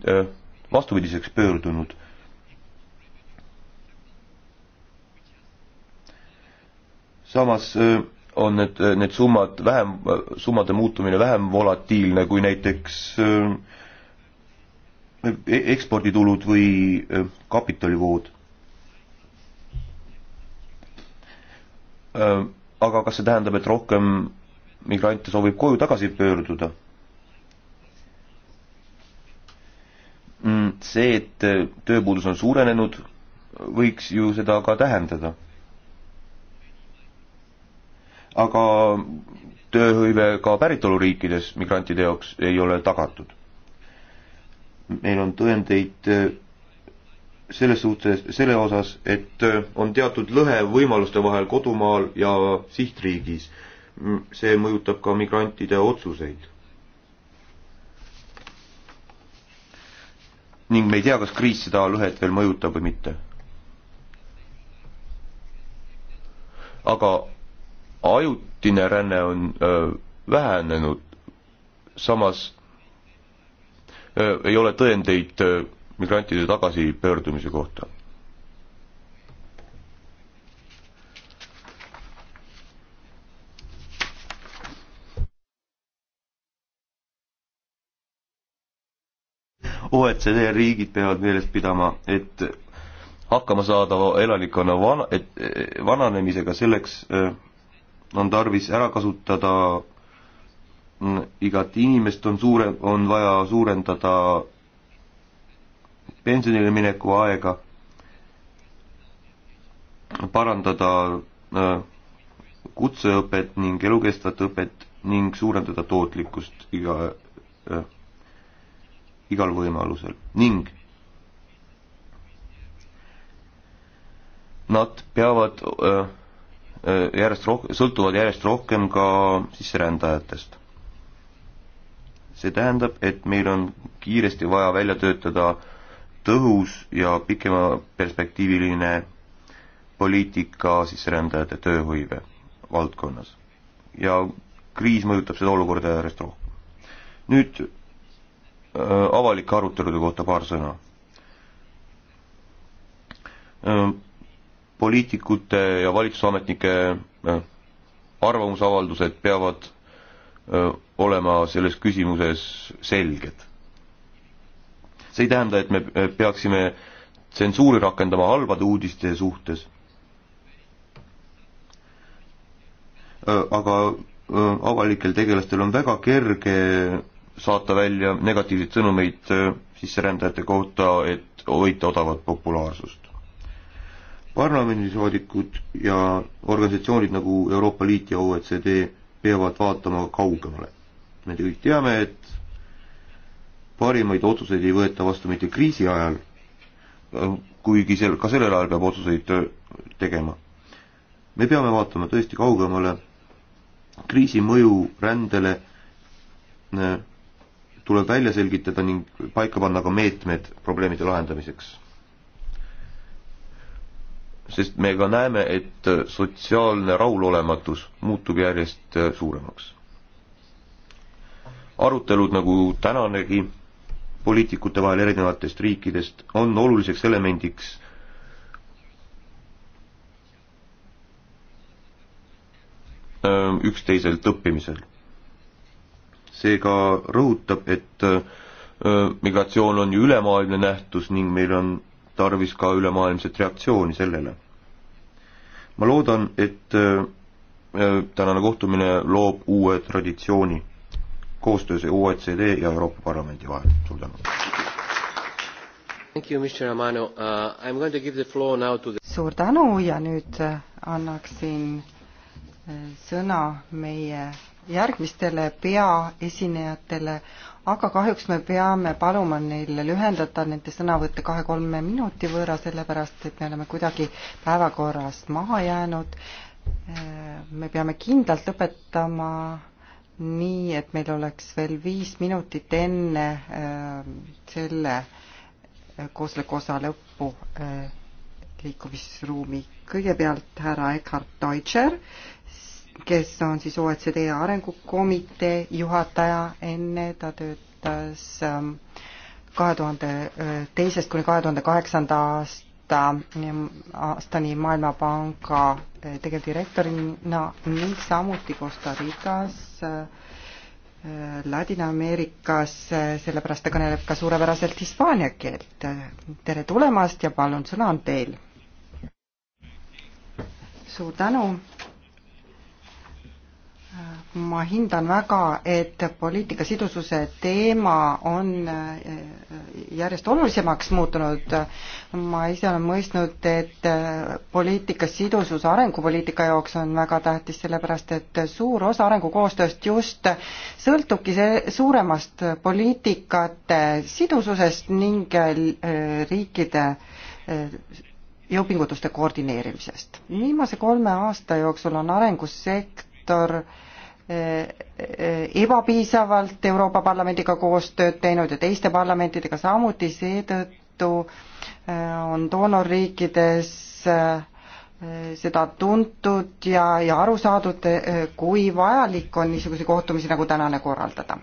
vastupidiseks pöördunud. samas on need, need summad vähem, summade muutumine vähem volatiilne kui näiteks äh, e-, eksporditulud või äh, kapitalivood. Äh, aga kas see tähendab, et rohkem migrante soovib koju tagasi pöörduda? Mm, see, et tööpuudus on suurenenud, võiks ju seda ka tähendada aga tööhõive ka päritoluriikides migrantide jaoks ei ole tagatud. meil on tõendeid äh, selles suhtes, selle osas, et äh, on teatud lõhe võimaluste vahel kodumaal ja sihtriigis. see mõjutab ka migrantide otsuseid. ning me ei tea, kas kriis seda lõhet veel mõjutab või mitte. aga ajutine ränne on öö, vähenenud, samas öö, ei ole tõendeid öö, migrantide tagasipöördumise kohta. OECD riigid peavad meeles pidama, et hakkama saadava elanikkonna van-, et e, e, vananemisega selleks öö, on tarvis ära kasutada mm, igat inimest, on suure, on vaja suurendada pensionile mineku aega, parandada äh, kutseõpet ning elukestvat õpet ning suurendada tootlikkust iga, äh, igal võimalusel ning nad peavad öö, äh, Äh, järjest roh-, sõltuvad järjest rohkem ka sisserändajatest. see tähendab, et meil on kiiresti vaja välja töötada tõhus ja pikema perspektiiviline poliitika sisserändajate tööhõive valdkonnas. ja kriis mõjutab seda olukorda järjest rohkem. nüüd äh, avalike arutelude kohta paar sõna äh, poliitikute ja valitsusametnike äh, arvamusavaldused peavad äh, olema selles küsimuses selged. see ei tähenda, et me äh, peaksime tsensuuri rakendama halbade uudiste suhtes. aga avalikel tegelastel on väga kerge saata välja negatiivseid sõnumeid sisserändajate kohta, et hoida odavat populaarsust parlamendisaadikud ja organisatsioonid nagu Euroopa Liit ja OECD peavad vaatama kaugemale. me kõik teame, et parimaid otsuseid ei võeta vastu mitte kriisi ajal, kuigi sel, ka sellel ajal peab otsuseid tegema. me peame vaatama tõesti kaugemale, kriisi mõju rändele tuleb välja selgitada ning paika panna ka meetmed probleemide lahendamiseks sest me ka näeme, et sotsiaalne rahulolematus muutub järjest suuremaks. arutelud nagu tänanegi poliitikute vahel erinevatest riikidest on oluliseks elemendiks üksteiselt õppimisel. seega rõhutab, et migratsioon on ju ülemaailmne nähtus ning meil on tarvis ka ülemaailmset reaktsiooni sellele. ma loodan, et äh, äh, tänane kohtumine loob uue traditsiooni koostöös OECD ja Euroopa Parlamendi vahel. suur tänu! Uh, suur tänu ja nüüd äh, annaksin sõna meie järgmistele peaesinejatele aga kahjuks me peame paluma neil lühendada nende sõnavõtte kahe-kolme minuti võrra, sellepärast et me oleme kuidagi päevakorrast maha jäänud. Äh, me peame kindlalt lõpetama nii, et meil oleks veel viis minutit enne äh, selle äh, koosoleku osa lõppu liikumisruumi. kõigepealt härra Eckhard Deutscher kes on siis OECD Arengukomitee juhataja, enne ta töötas ähm, kahe tuhande äh, teisest kuni kahe tuhande kaheksanda aasta, ähm, aastani Maailmapanga äh, tegevdirektorina ning samuti Costa Ricas, äh, Ladina-Ameerikas, sellepärast ta kõneleb ka suurepäraselt hispaania keelt. tere tulemast ja palun, sõna on teil. suur tänu ma hindan väga, et poliitika sidususe teema on eh, järjest olulisemaks muutunud. ma ise olen mõistnud, et eh, poliitika sidusus arengupoliitika jaoks on väga tähtis, sellepärast et suur osa arengukoostööst just sõltubki see suuremast poliitikate sidususest ning eh, riikide jõupingutuste koordineerimisest. viimase kolme aasta jooksul on arengussektor sektor eh, eh, ebapiisavalt Euroopa Parlamendiga koostööd teinud ja teiste parlamentidega samuti, seetõttu eh, on doonorriikides seda tuntud ja, ja aru saadud, kui vajalik on niisuguseid kohtumisi nagu tänane korraldada.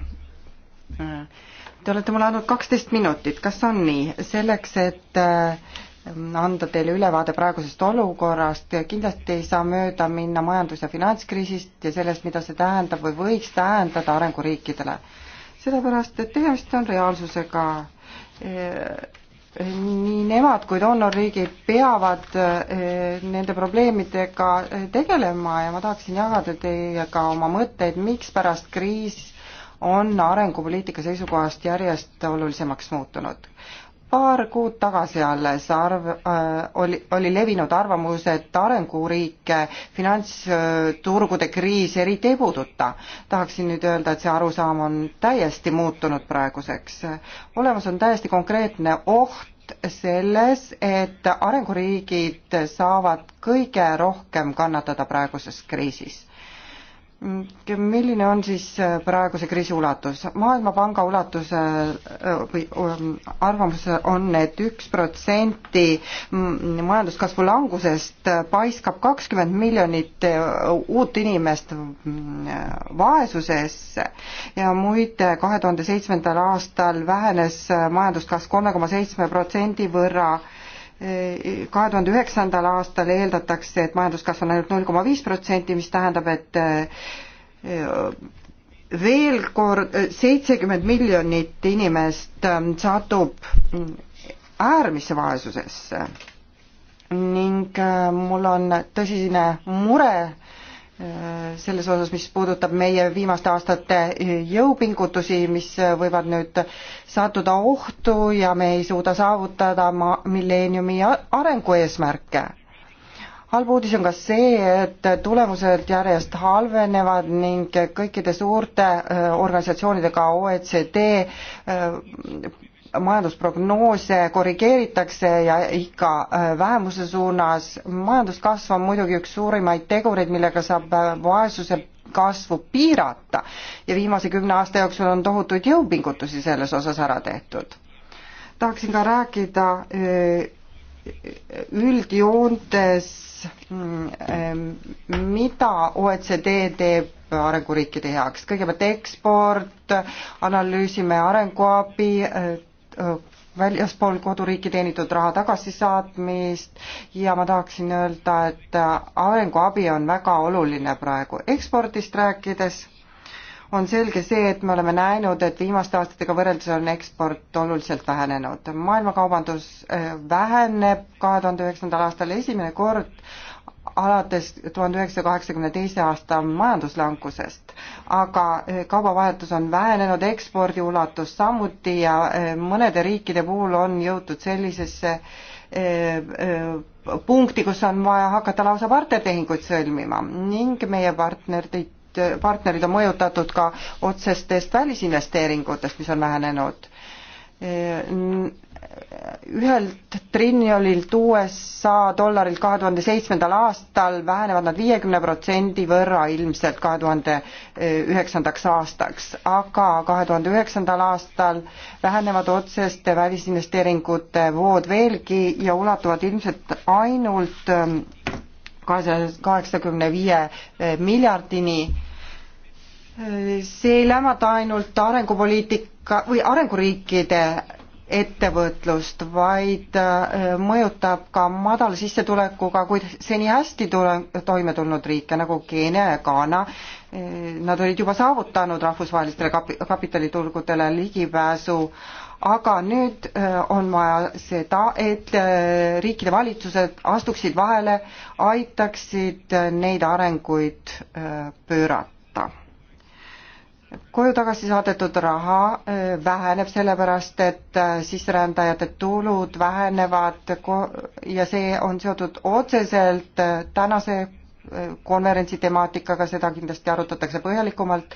Te olete mulle andnud kaksteist minutit, kas on nii, selleks et äh, anda teile ülevaade praegusest olukorrast, kindlasti ei saa mööda minna majandus- ja finantskriisist ja sellest, mida see tähendab või võiks tähendada arenguriikidele. sellepärast, et tegemist on reaalsusega. Eh, nii nemad kui doonorriigid peavad eh, nende probleemidega tegelema ja ma tahaksin jagada teiega oma mõtteid, mikspärast kriis on arengupoliitika seisukohast järjest olulisemaks muutunud paar kuud tagasi alles arv äh,, oli, oli levinud arvamus, et arenguriike finantsturgude kriis eriti ei puuduta. tahaksin nüüd öelda, et see arusaam on täiesti muutunud praeguseks. olemas on täiesti konkreetne oht, selles, et arenguriigid saavad kõige rohkem kannatada praeguses kriisis. Hm, milline on siis äh, praeguse kriisi ulatus? maailmapanga ulatuse äh, või ähm, arvamus on et, et üks protsenti mm, majanduskasvu langusest äh, paiskab kakskümmend miljonit uut inimest mm, vaesusesse ja muide, kahe tuhande seitsmendal aastal vähenes majanduskasv kolme koma seitsme protsendi võrra kahe tuhande üheksandal aastal eeldatakse, et majanduskasv on ainult null koma viis protsenti, mis tähendab, et äh, veel kord äh, seitsekümmend miljonit inimest ähm, satub äärmisse vaesusesse ning äh, mul on tõsine mure selles osas, mis puudutab meie viimaste aastate jõupingutusi, mis võivad nüüd sattuda ohtu ja me ei suuda saavutada ma-, milleeniumi arengueesmärke. halb uudis on ka see, et tulemused järjest halvenevad ning kõikide suurte äh, organisatsioonidega OECD äh, majandusprognoose korrigeeritakse ja ikka äh, vähemuse suunas. majanduskasv on muidugi üks suurimaid tegureid, millega saab äh, vaesuse kasvu piirata ja viimase kümne aasta jooksul on tohutuid jõupingutusi selles osas ära tehtud. tahaksin ka rääkida äh, üldjoontes, mm, mida OECD teeb arenguriikide heaks, kõigepealt eksport, analüüsime arenguabi, väljaspool koduriiki teenitud raha tagasisaatmist ja ma tahaksin öelda, et arenguabi on väga oluline praegu. ekspordist rääkides on selge see, et me oleme näinud, et viimaste aastatega võrreldes on eksport oluliselt vähenenud. maailmakaubandus äh, väheneb kahe tuhande üheksandal aastal esimene kord alates tuhande üheksasaja kaheksakümne teise aasta majanduslangusest, aga eh, kaubavahetus on vähenenud, ekspordi ulatus samuti ja eh, mõnede riikide puhul on jõutud sellisesse eh, punkti, kus on vaja hakata lausa partnertehinguid sõlmima ning meie partnerid, partnerid on mõjutatud ka otsestest välisinvesteeringutest, mis on vähenenud ühelt triljonilt USA dollarilt kahe tuhande seitsmendal aastal vähenevad nad viiekümne protsendi võrra ilmselt kahe tuhande üheksandaks aastaks, aga kahe tuhande üheksandal aastal vähenevad otseste välisinvesteeringute vood veelgi ja ulatuvad ilmselt ainult ähm, kahesaja kaheksakümne viie äh, miljardini. Äh, see ei lämmata ainult arengupoliitika või arenguriikide ettevõtlust, vaid äh, mõjutab ka madala sissetulekuga, kuid seni hästi tule-, toime tulnud riike nagu Keenia ja Ghana. Äh, nad olid juba saavutanud rahvusvahelistele kap-, kapitaliturgudele ligipääsu, aga nüüd äh, on vaja seda, et riikide valitsused astuksid vahele, aitaksid neid arenguid pöörata koju tagasi saadetud raha äh, väheneb sellepärast, et äh, sisserändajate tulud vähenevad ja see on seotud otseselt äh, tänase konverentsi temaatikaga, seda kindlasti arutatakse põhjalikumalt.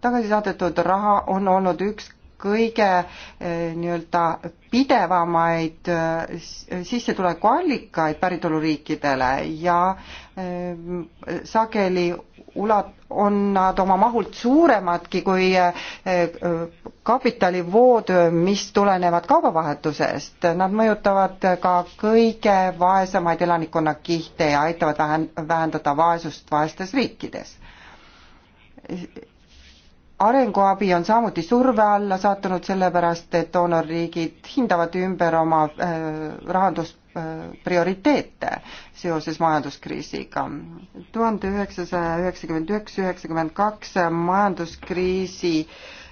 tagasi saadetud raha on olnud üks kõige nii-öelda pidevamaid sissetulekuallikaid päritoluriikidele ja sageli ulat-, on nad oma mahult suuremadki kui äh, kapitalivood, mis tulenevad kaubavahetusest. Nad mõjutavad ka kõige vaesemaid elanikkonnakihte ja aitavad vähen-, vähendada vaesust vaestes riikides. arenguabi on samuti surve alla sattunud, sellepärast et doonorriigid hindavad ümber oma äh, rahandus- prioriteete seoses majanduskriisiga. tuhande üheksasaja üheksakümmend üheksa, üheksakümmend kaks majanduskriisi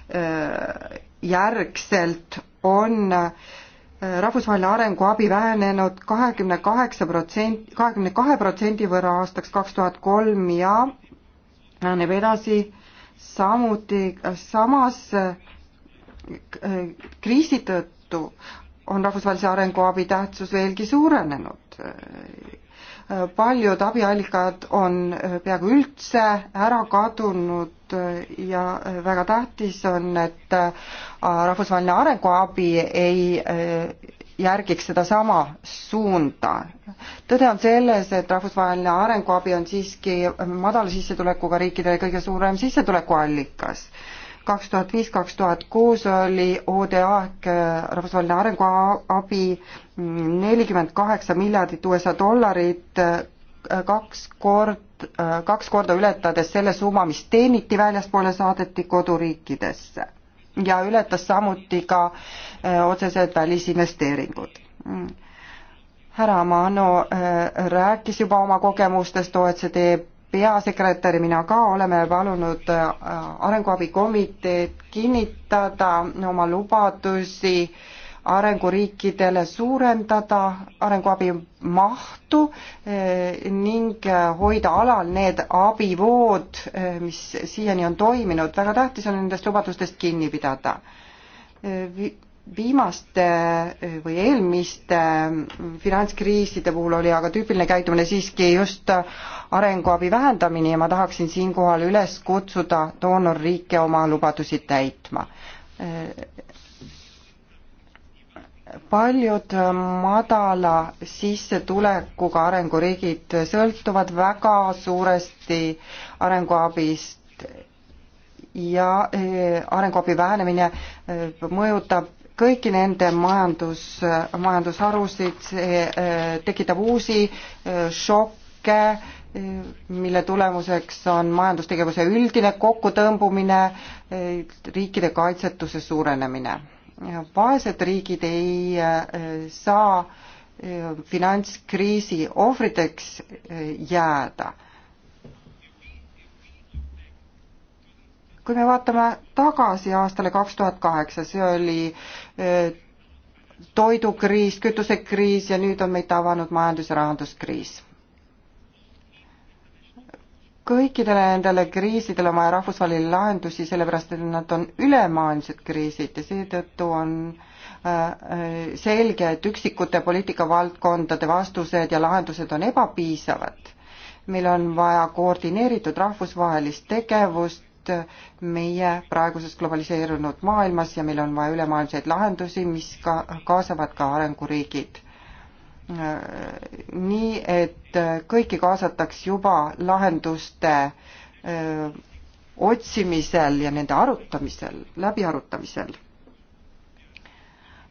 äh, järgselt on äh, rahvusvaheline arenguabi vähenenud kahekümne kaheksa protsent, kahekümne kahe protsendi võrra aastaks kaks tuhat kolm ja väheneb edasi samuti samas äh, kriisi tõttu on rahvusvahelise arenguabi tähtsus veelgi suurenenud. paljud abiallikad on peaaegu üldse ära kadunud ja väga tähtis on, et rahvusvaheline arenguabi ei järgiks sedasama suunda. tõde on selles, et rahvusvaheline arenguabi on siiski madala sissetulekuga riikidele kõige suurem sissetulekuallikas kaks tuhat viis, kaks tuhat kuus oli ODA ehk äh, rahvusvaheline arenguabi mm, nelikümmend kaheksa miljardit USA dollarit, äh, kaks kord, äh, kaks korda ületades selle summa, mis teeniti väljaspoole, saadeti koduriikidesse. ja ületas samuti ka otsesed välisinvesteeringud mm. härra Mano rääkis juba oma kogemustest OECD peasekretäri, mina ka oleme palunud äh, arenguabikomiteed kinnitada oma lubadusi arenguriikidele suurendada arenguabi mahtu äh, ning äh, hoida alal need abivood, mis siiani on toiminud. väga tähtis on nendest lubadustest kinni pidada viimaste eh, või eelmiste eh, finantskriiside puhul oli aga tüüpiline käitumine siiski just eh, arenguabi vähendamine ja ma tahaksin siinkohal üles kutsuda doonorriike oma lubadusi täitma. paljud madala sissetulekuga arenguriigid sõltuvad väga suuresti arenguabist ja arenguabi vähenemine mõjutab kõiki nende majandus, majandusharusid, see äh, tekitab uusi äh, šokke, äh, mille tulemuseks on majandustegevuse üldine kokkutõmbumine, riikide kaitsetuse suurenemine. vaesed riigid ei saa finantskriisi ohvriteks jääda kui me vaatame tagasi aastale kaks tuhat kaheksa, see oli eh, toidukriis, kütusekriis ja nüüd on meid tabanud majandus- ja rahanduskriis. kõikidele nendele kriisidele on vaja rahvusvahelisi lahendusi, sellepärast et nad on ülemaailmsed kriisid ja seetõttu on eh, eh, selge, et üksikute poliitikavaldkondade vastused ja lahendused on ebapiisavad meil on vaja koordineeritud rahvusvahelist tegevust just meie praeguses globaliseerunud maailmas ja meil on vaja ülemaailmseid lahendusi, mis ka kaasavad ka arenguriigid. nii et kõiki kaasataks juba lahenduste otsimisel ja nende arutamisel, läbiarutamisel.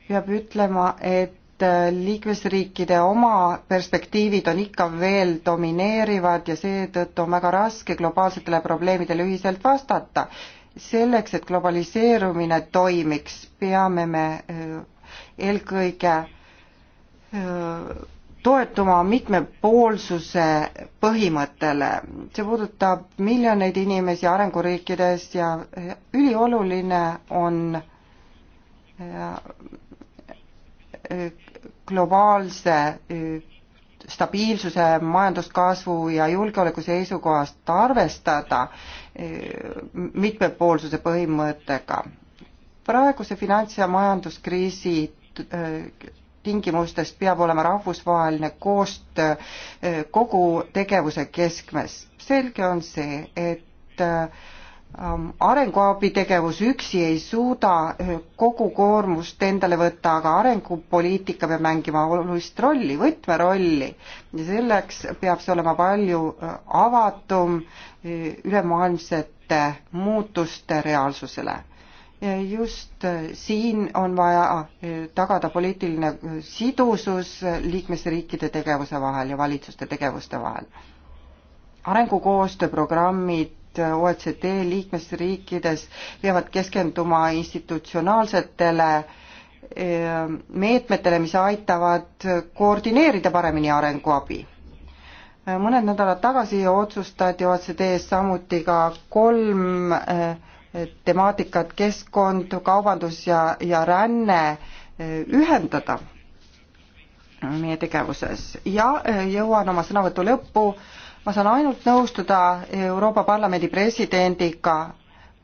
peab ütlema, et et äh, liikmesriikide oma perspektiivid on ikka veel domineerivad ja seetõttu on väga raske globaalsetele probleemidele ühiselt vastata. selleks, et globaliseerumine toimiks, peame me äh, eelkõige äh, toetuma mitmepoolsuse põhimõttele. see puudutab miljoneid inimesi arenguriikides ja ülioluline on globaalse stabiilsuse, majanduskasvu ja julgeoleku seisukohast arvestada mitmepoolsuse põhimõttega. praeguse finants- ja majanduskriisi tingimustes peab olema rahvusvaheline koostöö kogu tegevuse keskmes. selge on see, et Ähm, arenguabi tegevus üksi ei suuda äh, kogu koormust endale võtta, aga arengupoliitika peab mängima olulist rolli, võtmerolli ja selleks peab see olema palju äh, avatum äh, ülemaailmsete muutuste reaalsusele. just siin on vaja tagada poliitiline sidusus liikmesriikide tegevuse vahel ja valitsuste tegevuste vahel arengukoostööprogrammid OECD liikmesriikides peavad keskenduma institutsionaalsetele eh, meetmetele, mis aitavad koordineerida paremini arenguabi. Eh, mõned nädalad tagasi otsustati OECD-s samuti ka kolm eh, temaatikat keskkond, kaubandus ja, ja ränne ühendada meie tegevuses ja jõuan oma sõnavõtu lõppu ma saan ainult nõustuda Euroopa Parlamendi presidendiga,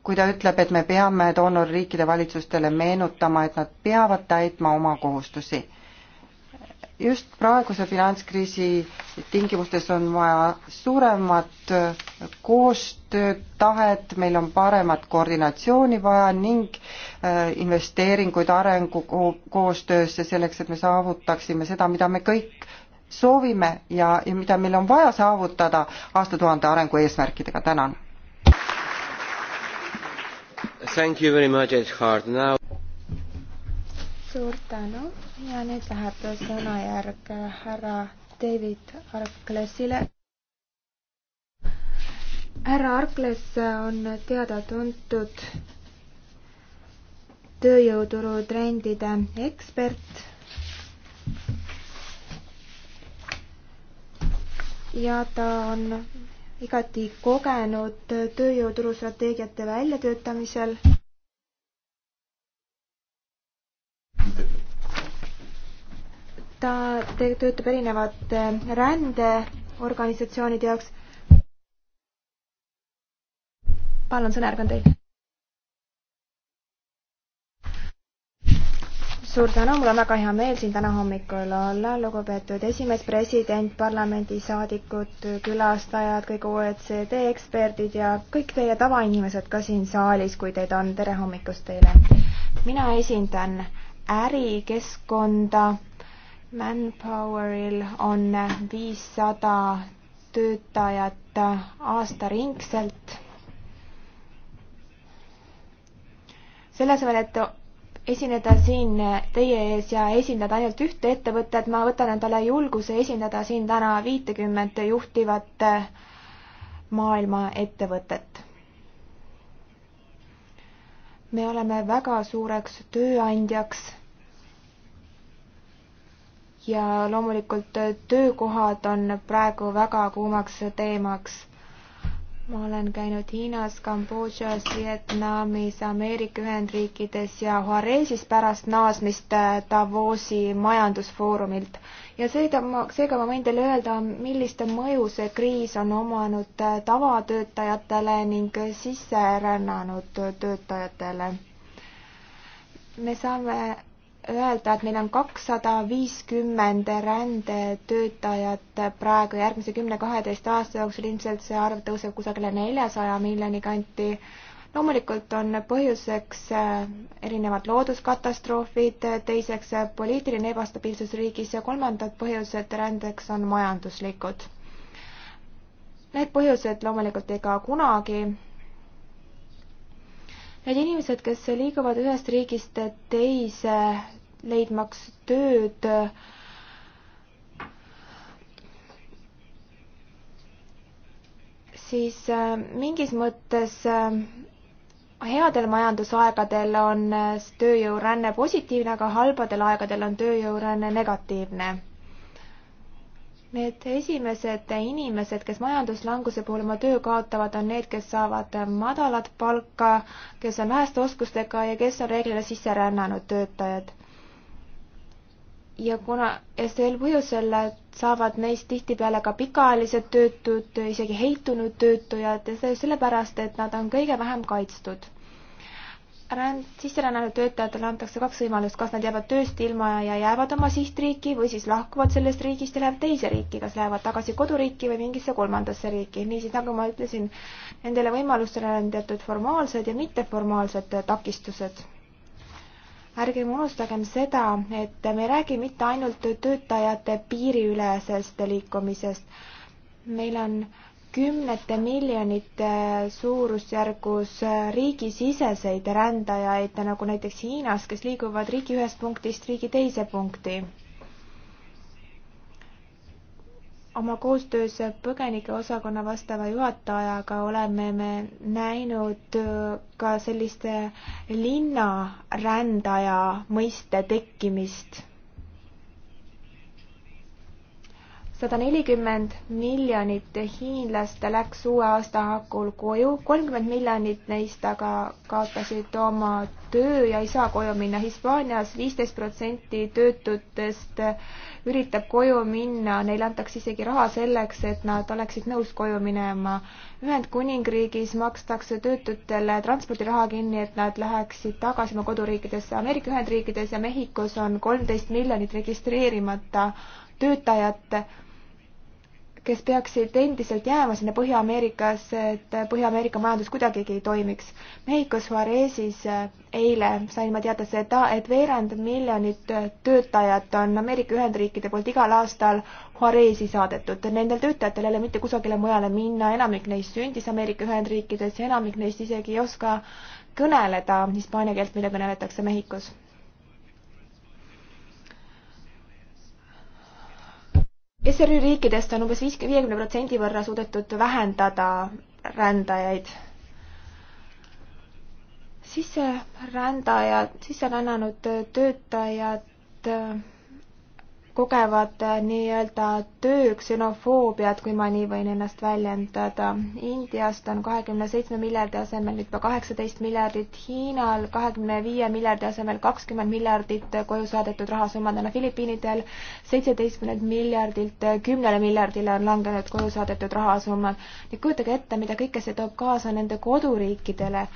kui ta ütleb, et me peame doonorriikide valitsustele meenutama, et nad peavad täitma oma kohustusi. just praeguse finantskriisi tingimustes on vaja suuremat koostööd, tahet, meil on paremat koordinatsiooni vaja ning äh, investeeringuid arengukoostöösse selleks, et me saavutaksime seda, mida me kõik soovime ja, ja mida meil on vaja saavutada aastatuhande arengu eesmärkidega, tänan. suur tänu ja nüüd läheb sõnajärg härra David Arklesile. härra Arkles on teada-tuntud tööjõuturu trendide ekspert ja ta on igati kogenud tööjõuturustrateegiate väljatöötamisel. ta töötab erinevate rändeorganisatsioonide jaoks. palun, sõna järg on teil suur tänu, mul on väga hea meel siin täna hommikul olla, lugupeetud esimees, president, parlamendisaadikud, külastajad, kõik OECD eksperdid ja kõik teie tavainimesed ka siin saalis, kui teid on, tere hommikust teile! mina esindan ärikeskkonda, Manpoweril on viissada töötajat aastaringselt. selle asemel, et esineda siin teie ees ja esindada ainult ühte ettevõtet, ma võtan endale julguse esindada siin täna viitekümmet juhtivat eh, maailma ettevõtet. me oleme väga suureks tööandjaks ja loomulikult töökohad on praegu väga kuumaks teemaks ma olen käinud Hiinas, Kambodžas, Vietnamis, Ameerika Ühendriikides ja Juarezis pärast naasmist äh, Davosi majandusfoorumilt ja seega ma, seega ma võin teile öelda, millist mõju see kriis on omanud äh, tavatöötajatele ning sisserännanud töötajatele. me saame öelda, et meil on kakssada viiskümmend rändetöötajat praegu, järgmise kümne-kaheteist aasta jooksul ilmselt see arv tõuseb kusagile neljasaja miljoni kanti. loomulikult on põhjuseks äh, erinevad looduskatastroofid, teiseks äh, poliitiline ebastabiilsus riigis ja kolmandad põhjused rändeks on majanduslikud. Need põhjused loomulikult ei kao kunagi Need inimesed, kes liiguvad ühest riigist teise leidmaks tööd. siis äh, mingis mõttes äh, headel majandusaegadel on äh, tööjõuränne positiivne, aga halbadel aegadel on tööjõuränne negatiivne. Need esimesed inimesed, kes majanduslanguse puhul oma töö kaotavad, on need, kes saavad madalat palka, kes on väheste oskustega ja kes on reeglina sisse rännanud töötajad ja kuna ja sel põhjusel saavad neist tihtipeale ka pikaajalised töötud, isegi heitunud töötujad ja see sellepärast, et nad on kõige vähem kaitstud ränd-, sisserännanud töötajatele antakse kaks võimalust, kas nad jäävad tööst ilma ja jäävad oma sihtriiki või siis lahkuvad sellest riigist ja lähevad teise riiki, kas lähevad tagasi koduriiki või mingisse kolmandasse riiki. niisiis, nagu ma ütlesin, nendele võimalustele on teatud formaalsed ja mitteformaalsed takistused ärgem unustagem seda, et me ei räägi mitte ainult töötajate piiriülesest liikumisest. meil on kümnete miljonite suurusjärgus riigisiseseid rändajaid, nagu näiteks Hiinas, kes liiguvad riigi ühest punktist riigi teise punkti oma koostöös põgenike osakonna vastava juhatajaga oleme me näinud äh, ka selliste linnarändaja mõiste tekkimist sada nelikümmend miljonit hiinlast läks uue aasta hakul koju, kolmkümmend miljonit neist aga kaotasid oma töö ja ei saa koju minna. Hispaanias viisteist protsenti töötutest üritab koju minna, neile antakse isegi raha selleks, et nad oleksid nõus koju minema. Ühendkuningriigis makstakse töötutele transpordiraha kinni, et nad läheksid tagasi oma koduriikidesse. Ameerika Ühendriikides ja Mehhikos on kolmteist miljonit registreerimata töötajat kes peaksid endiselt jääma sinna Põhja-Ameerikasse, et Põhja-Ameerika majandus kuidagigi ei toimiks. Mehhiko Suarezis äh, eile sain ma teada seda, et veerand miljonit töötajat on Ameerika Ühendriikide poolt igal aastal Juarezi saadetud. Nendel töötajatel ei ole mitte kusagile mujale minna, enamik neist sündis Ameerika Ühendriikides ja enamik neist isegi ei oska kõneleda hispaania keelt, mida kõneletakse Mehhikos SRÜ riikidest on umbes viiskümmend, viiekümne protsendi võrra suudetud vähendada rändajaid. sisserändajad, sisserännanud töötajad kogevad äh, nii-öelda tööksenofoobiat, kui ma nii võin ennast väljendada. Indiast on kahekümne seitsme miljardi asemel nüüd juba kaheksateist miljardit, Hiinal kahekümne viie miljardi asemel kakskümmend miljardit koju saadetud rahasummadena, Filipiinidel seitseteistkümnelt miljardilt kümnele miljardile on langenud koju saadetud rahasummad. nii kujutage ette, mida kõike see toob kaasa nende koduriikidele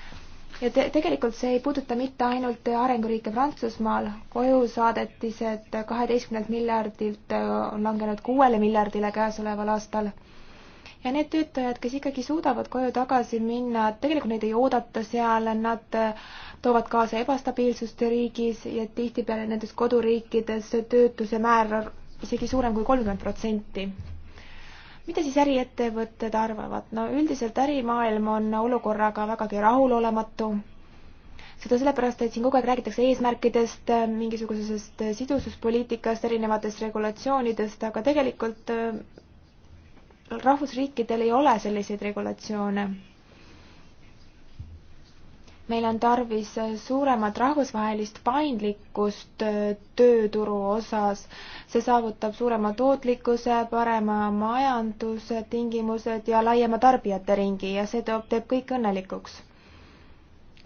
ja te tegelikult see ei puuduta mitte ainult arenguriike Prantsusmaal, koju saadetised kaheteistkümnelt miljardilt äh, on langenud kuuele miljardile käesoleval aastal. ja need töötajad, kes ikkagi suudavad koju tagasi minna, tegelikult neid ei oodata seal, nad äh, toovad kaasa ebastabiilsust riigis ja tihtipeale nendes koduriikides töötuse määr isegi suurem kui kolmkümmend protsenti mida siis äriettevõtted arvavad? no üldiselt ärimaailm on olukorraga vägagi rahulolematu. seda sellepärast, et siin kogu aeg räägitakse eesmärkidest, mingisugusest sidususpoliitikast, erinevatest regulatsioonidest, aga tegelikult äh, rahvusriikidel ei ole selliseid regulatsioone meil on tarvis äh, suuremat rahvusvahelist paindlikkust äh, tööturu osas. see saavutab suurema tootlikkuse, parema majanduse tingimused ja laiema tarbijate ringi ja see toob, teeb kõik õnnelikuks.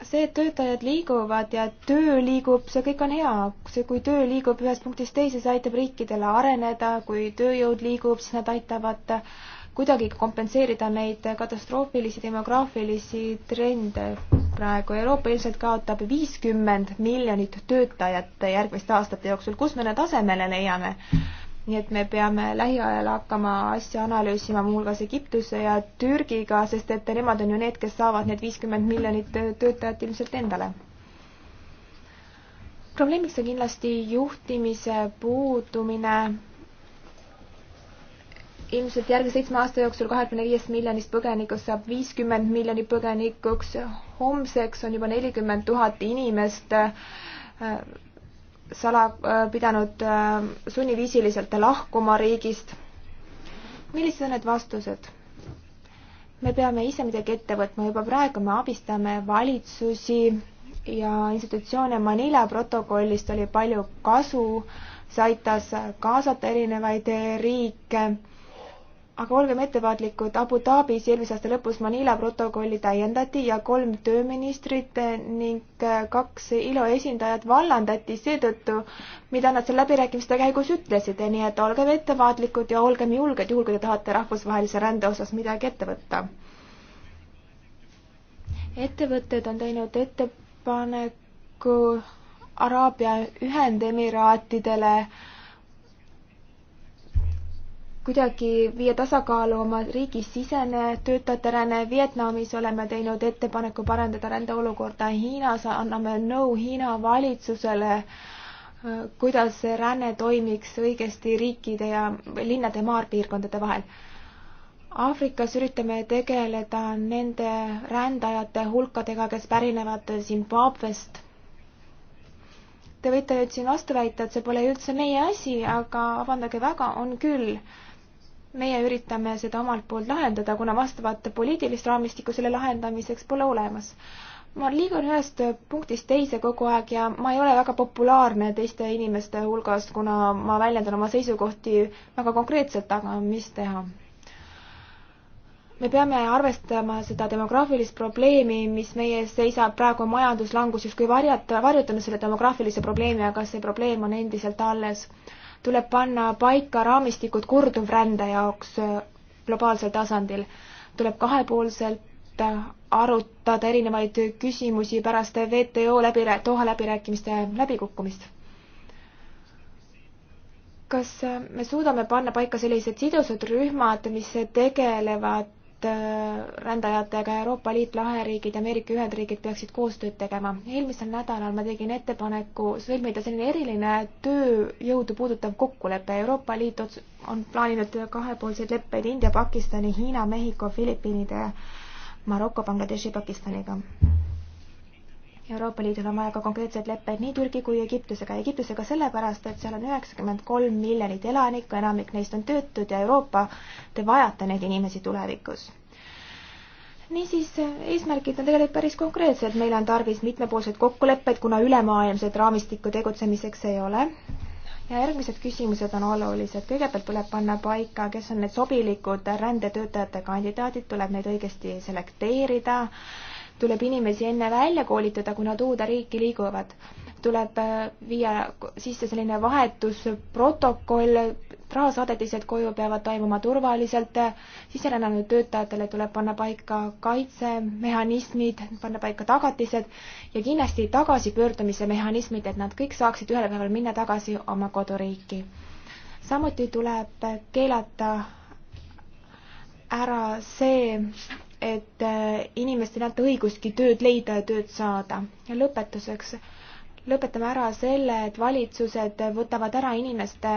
see, et töötajad liiguvad ja töö liigub, see kõik on hea. see, kui töö liigub ühest punktist teise, see aitab riikidele areneda, kui tööjõud liigub, siis nad aitavad äh, kuidagi kompenseerida neid katastroofilisi demograafilisi trende praegu. Euroopa ilmselt kaotab viiskümmend miljonit töötajat järgmiste aastate jooksul. kus me need asemele leiame? nii et me peame lähiajal hakkama asja analüüsima muuhulgas Egiptuse ja Türgiga, sest et nemad on ju need, kes saavad need viiskümmend miljonit töötajat ilmselt endale. probleemiks on kindlasti juhtimise puudumine ilmselt järgmise seitsme aasta jooksul kahekümne viiest miljonist põgenikust saab viiskümmend miljonit põgenikuks. homseks on juba nelikümmend tuhat inimest äh, sala, äh, pidanud äh, sunniviisiliselt lahkuma riigist. millised on need vastused? me peame ise midagi ette võtma, juba praegu me abistame valitsusi ja institutsioone. Manila protokollist oli palju kasu, see aitas kaasata erinevaid riike aga olgem ettevaatlikud, Abu Dhabis eelmise aasta lõpus Manila protokolli täiendati ja kolm tööministrit ning äh, kaks ILO esindajat vallandati seetõttu, mida nad seal läbirääkimiste käigus ütlesid, nii et olgem ettevaatlikud ja olgem julged, juhul kui te tahate rahvusvahelise rände osas midagi ette võtta. ettevõtted on teinud ettepaneku Araabia Ühendemiraatidele äh, kuidagi viia tasakaalu oma riigi sisene töötajate ränne. Vietnamis oleme teinud ettepaneku parandada rändeolukorda Hiinas, anname nõu no Hiina valitsusele, kuidas see ränne toimiks õigesti riikide ja linnade ja maapiirkondade vahel. Aafrikas üritame tegeleda nende rändajate hulkadega, kes pärinevad Zimbabwest te võite nüüd siin vastu väita, et see pole üldse meie asi, aga vabandage väga, on küll meie üritame seda omalt poolt lahendada, kuna vastavat poliitilist raamistikku selle lahendamiseks pole olemas. ma liigun ühest punktist teise kogu aeg ja ma ei ole väga populaarne teiste inimeste hulgas, kuna ma väljendan oma seisukohti väga konkreetselt, aga mis teha? me peame arvestama seda demograafilist probleemi, mis meie ees seisab, praegu on majanduslangus justkui varjata, varjutanud selle demograafilise probleemi, aga see probleem on endiselt alles tuleb panna paika raamistikud korduvrände jaoks äh, globaalsel tasandil. tuleb kahepoolselt äh, arutada erinevaid küsimusi pärast WTO läbi, Doha läbirääkimiste läbikukkumist. kas äh, me suudame panna paika sellised sidusad rühmad, mis tegelevad et äh, rändajatega Euroopa Liit, laheriigid ja Ameerika Ühendriigid peaksid koostööd tegema. eelmisel nädalal ma tegin ettepaneku sõlmida selline eriline tööjõudu puudutav kokkulepe. Euroopa Liit on plaaninud kahepoolseid leppeid India, Pakistani, Hiina, Mehhiko, Filipiinide, Maroko, Bangladeshi, Pakistaniga Euroopa Liidul on vaja ka konkreetseid leppeid nii Türgi kui Egiptusega. Egiptusega sellepärast, et seal on üheksakümmend kolm miljonit elanikku, enamik neist on töötud ja Euroopa, te vajate neid inimesi tulevikus. niisiis, eesmärgid on tegelikult päris konkreetsed, meil on tarvis mitmepoolseid kokkuleppeid, kuna ülemaailmset raamistikku tegutsemiseks ei ole ja järgmised küsimused on olulised. kõigepealt tuleb panna paika, kes on need sobilikud rändetöötajate kandidaadid, tuleb neid õigesti selekteerida tuleb inimesi enne välja koolitada, kui nad uude riiki liiguvad. tuleb äh, viia sisse selline vahetusprotokoll, raasaadetised koju peavad toimuma turvaliselt, sisserännanud töötajatele tuleb panna paika kaitsemehhanismid, panna paika tagatised ja kindlasti tagasipöördumise mehhanismid, et nad kõik saaksid ühel päeval minna tagasi oma koduriiki. samuti tuleb keelata ära see, et äh, inimestel ei anta õigustki tööd leida ja tööd saada. ja lõpetuseks, lõpetame ära selle, et valitsused võtavad ära inimeste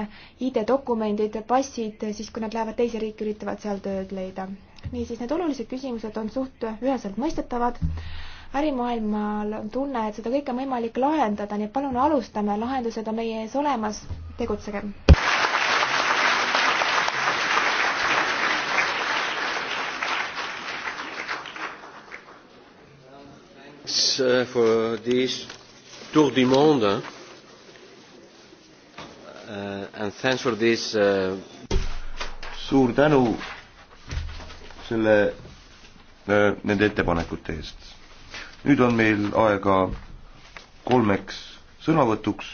ID-dokumendid, passid, siis kui nad lähevad teise riiki, üritavad seal tööd leida. niisiis, need olulised küsimused on suht üheselt mõistetavad ärimaailmal on tunne, et seda kõike on võimalik lahendada, nii et palun alustame, lahendused on meie ees olemas, tegutsegem! thanks uh, for this tour du monde uh, and thanks for this uh... suur tänu selle uh, nende ettepanekute eest. nüüd on meil aega kolmeks sõnavõtuks.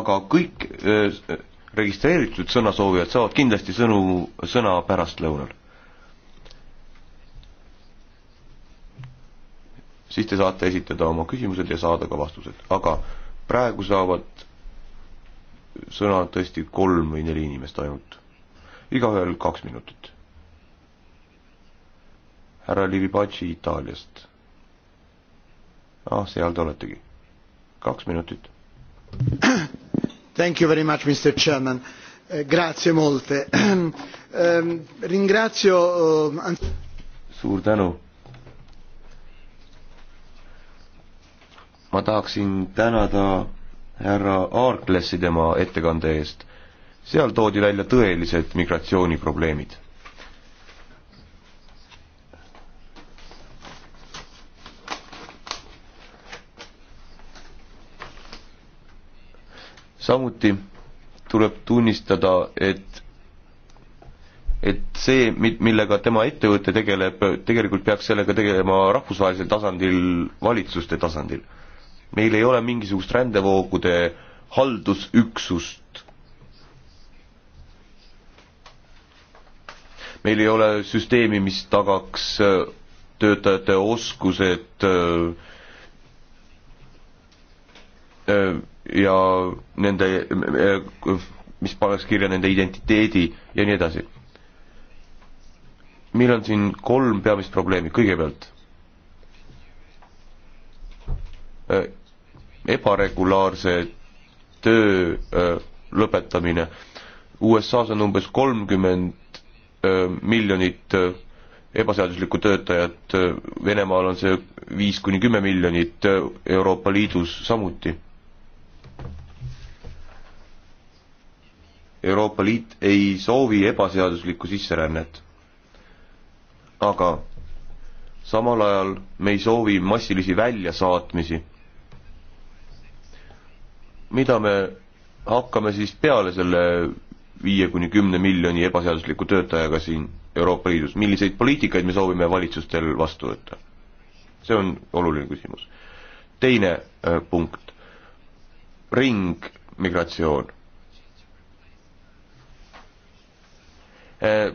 aga kõik uh, registreeritud sõnasoovijad saavad kindlasti sõnu, sõna pärastlõunal. siis te saate esitada oma küsimused ja saada ka vastused, aga praegu saavad sõna tõesti kolm või neli inimest ainult. igaühel kaks minutit. härra Livipaci Itaaliast. ah, seal te oletegi. kaks minutit. Thank you very much, Mr Chairman eh,. Grazie molte [CLEARS THROAT] eh,. Ringrazio eh,. suur tänu ma tahaksin tänada härra Aarklessi tema ettekande eest. seal toodi välja tõelised migratsiooniprobleemid. samuti tuleb tunnistada, et et see, millega tema ettevõte tegeleb, tegelikult peaks sellega tegelema rahvusvahelisel tasandil, valitsuste tasandil meil ei ole mingisugust rändevoogude haldusüksust. meil ei ole süsteemi, mis tagaks äh, töötajate oskused äh, äh, ja nende, mis paneks kirja nende identiteedi ja nii edasi. meil on siin kolm peamist probleemi, kõigepealt ebaregulaarse töö lõpetamine. USA-s on umbes kolmkümmend miljonit ebaseaduslikku töötajat, Venemaal on see viis kuni kümme miljonit, Euroopa Liidus samuti. Euroopa Liit ei soovi ebaseaduslikku sisserännet. aga samal ajal me ei soovi massilisi väljasaatmisi mida me hakkame siis peale selle viie kuni kümne miljoni ebaseadusliku töötajaga siin Euroopa Liidus, milliseid poliitikaid me soovime valitsustel vastu võtta? see on oluline küsimus. teine äh, punkt, ringmigratsioon äh,.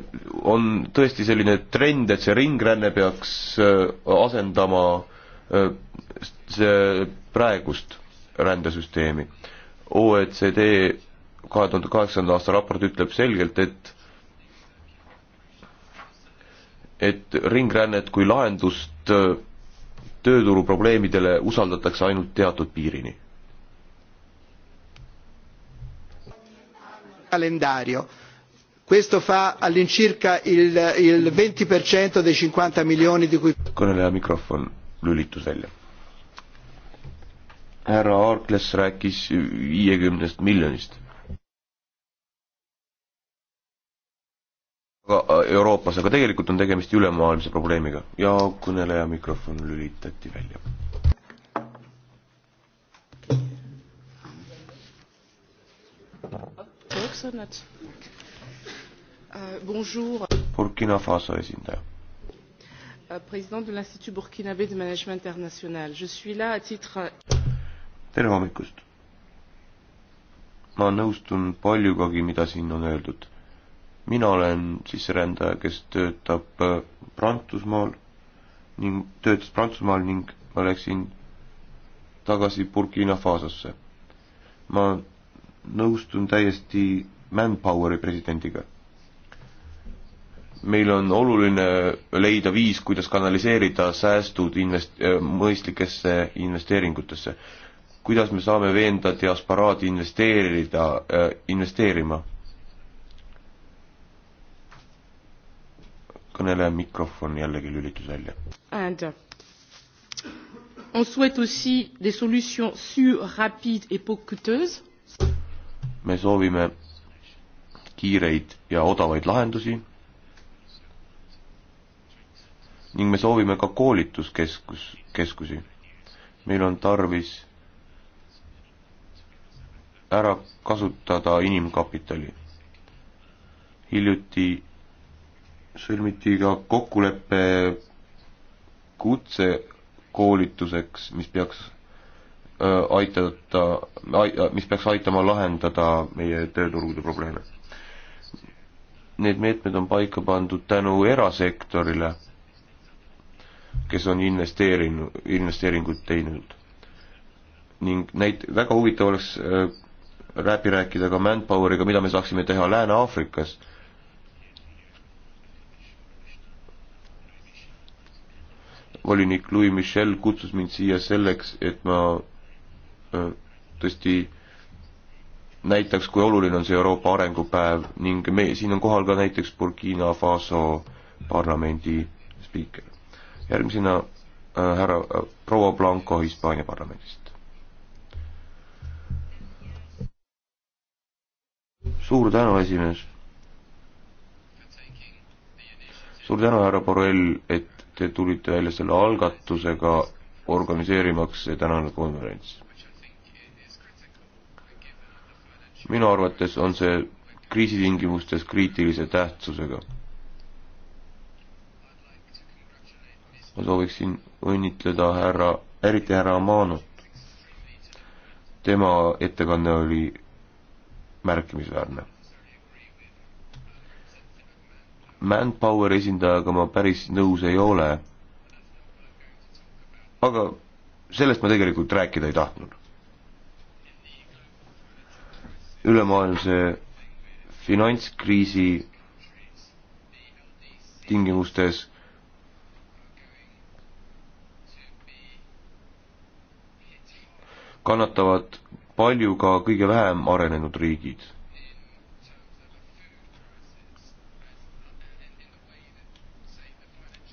on tõesti selline trend, et see ringränne peaks äh, asendama äh, see praegust rändesüsteemi. OECD kahe tuhande kaheksanda aasta raport ütleb selgelt, et et ringrännet kui lahendust tööturuprobleemidele usaldatakse ainult teatud piirini. calendario. Questo fa all'incirca il, il 20% dei 50 milioni di cui... Kõneleja mikrofon lülitus välja härra Arkles rääkis viiekümnest miljonist. aga äh, Euroopas, aga tegelikult on tegemist ülemaailmse probleemiga ja kõneleja mikrofon lülitati välja. Burkina Faso esindaja présidente de l'institut burkinabé de management international je suis là à titre tere hommikust! ma nõustun paljugagi, mida siin on öeldud. mina olen sisserändaja, kes töötab äh, Prantsusmaal ning töötas Prantsusmaal ning ma läksin tagasi Burkina Fasosse. ma nõustun täiesti Manpoweri presidendiga. meil on oluline leida viis, kuidas kanaliseerida säästud invest-, äh, mõistlikesse investeeringutesse kuidas me saame veenda diasporaadi investeerida, äh, investeerima? kõneleja mikrofon jällegi lülitus välja. And uh, on souhaite aussi des solutions sûres, rapides et peu coûteuses. me soovime kiireid ja odavaid lahendusi ning me soovime ka koolituskeskus, keskusi. meil on tarvis ära kasutada inimkapitali. hiljuti sõlmiti ka kokkulepe kutsekoolituseks, mis peaks äh, aitata, äh, mis peaks aitama lahendada meie tööturude probleeme. Need meetmed on paika pandud tänu erasektorile, kes on investeerinud, investeeringuid teinud ning näit-, väga huvitav oleks äh, läbi rääkida ka Manpoweriga, mida me saaksime teha Lääne-Aafrikas. volinik Louis Michel kutsus mind siia selleks, et ma äh, tõesti näitaks, kui oluline on see Euroopa arengupäev ning me, siin on kohal ka näiteks Burkina Faso parlamendi spiiker. järgmisena äh, härra äh, proua Blanco Hispaania parlamendist. suur tänu, esimees. suur tänu, härra Borrell, et te tulite välja selle algatusega organiseerimaks see tänane konverents. minu arvates on see kriisitingimustes kriitilise tähtsusega. ma sooviksin õnnitleda härra, eriti härra Amanut. tema ettekanne oli märkimisväärne. Manpower esindajaga ma päris nõus ei ole, aga sellest ma tegelikult rääkida ei tahtnud. ülemaailmse finantskriisi tingimustes kannatavad palju ka kõige vähem arenenud riigid.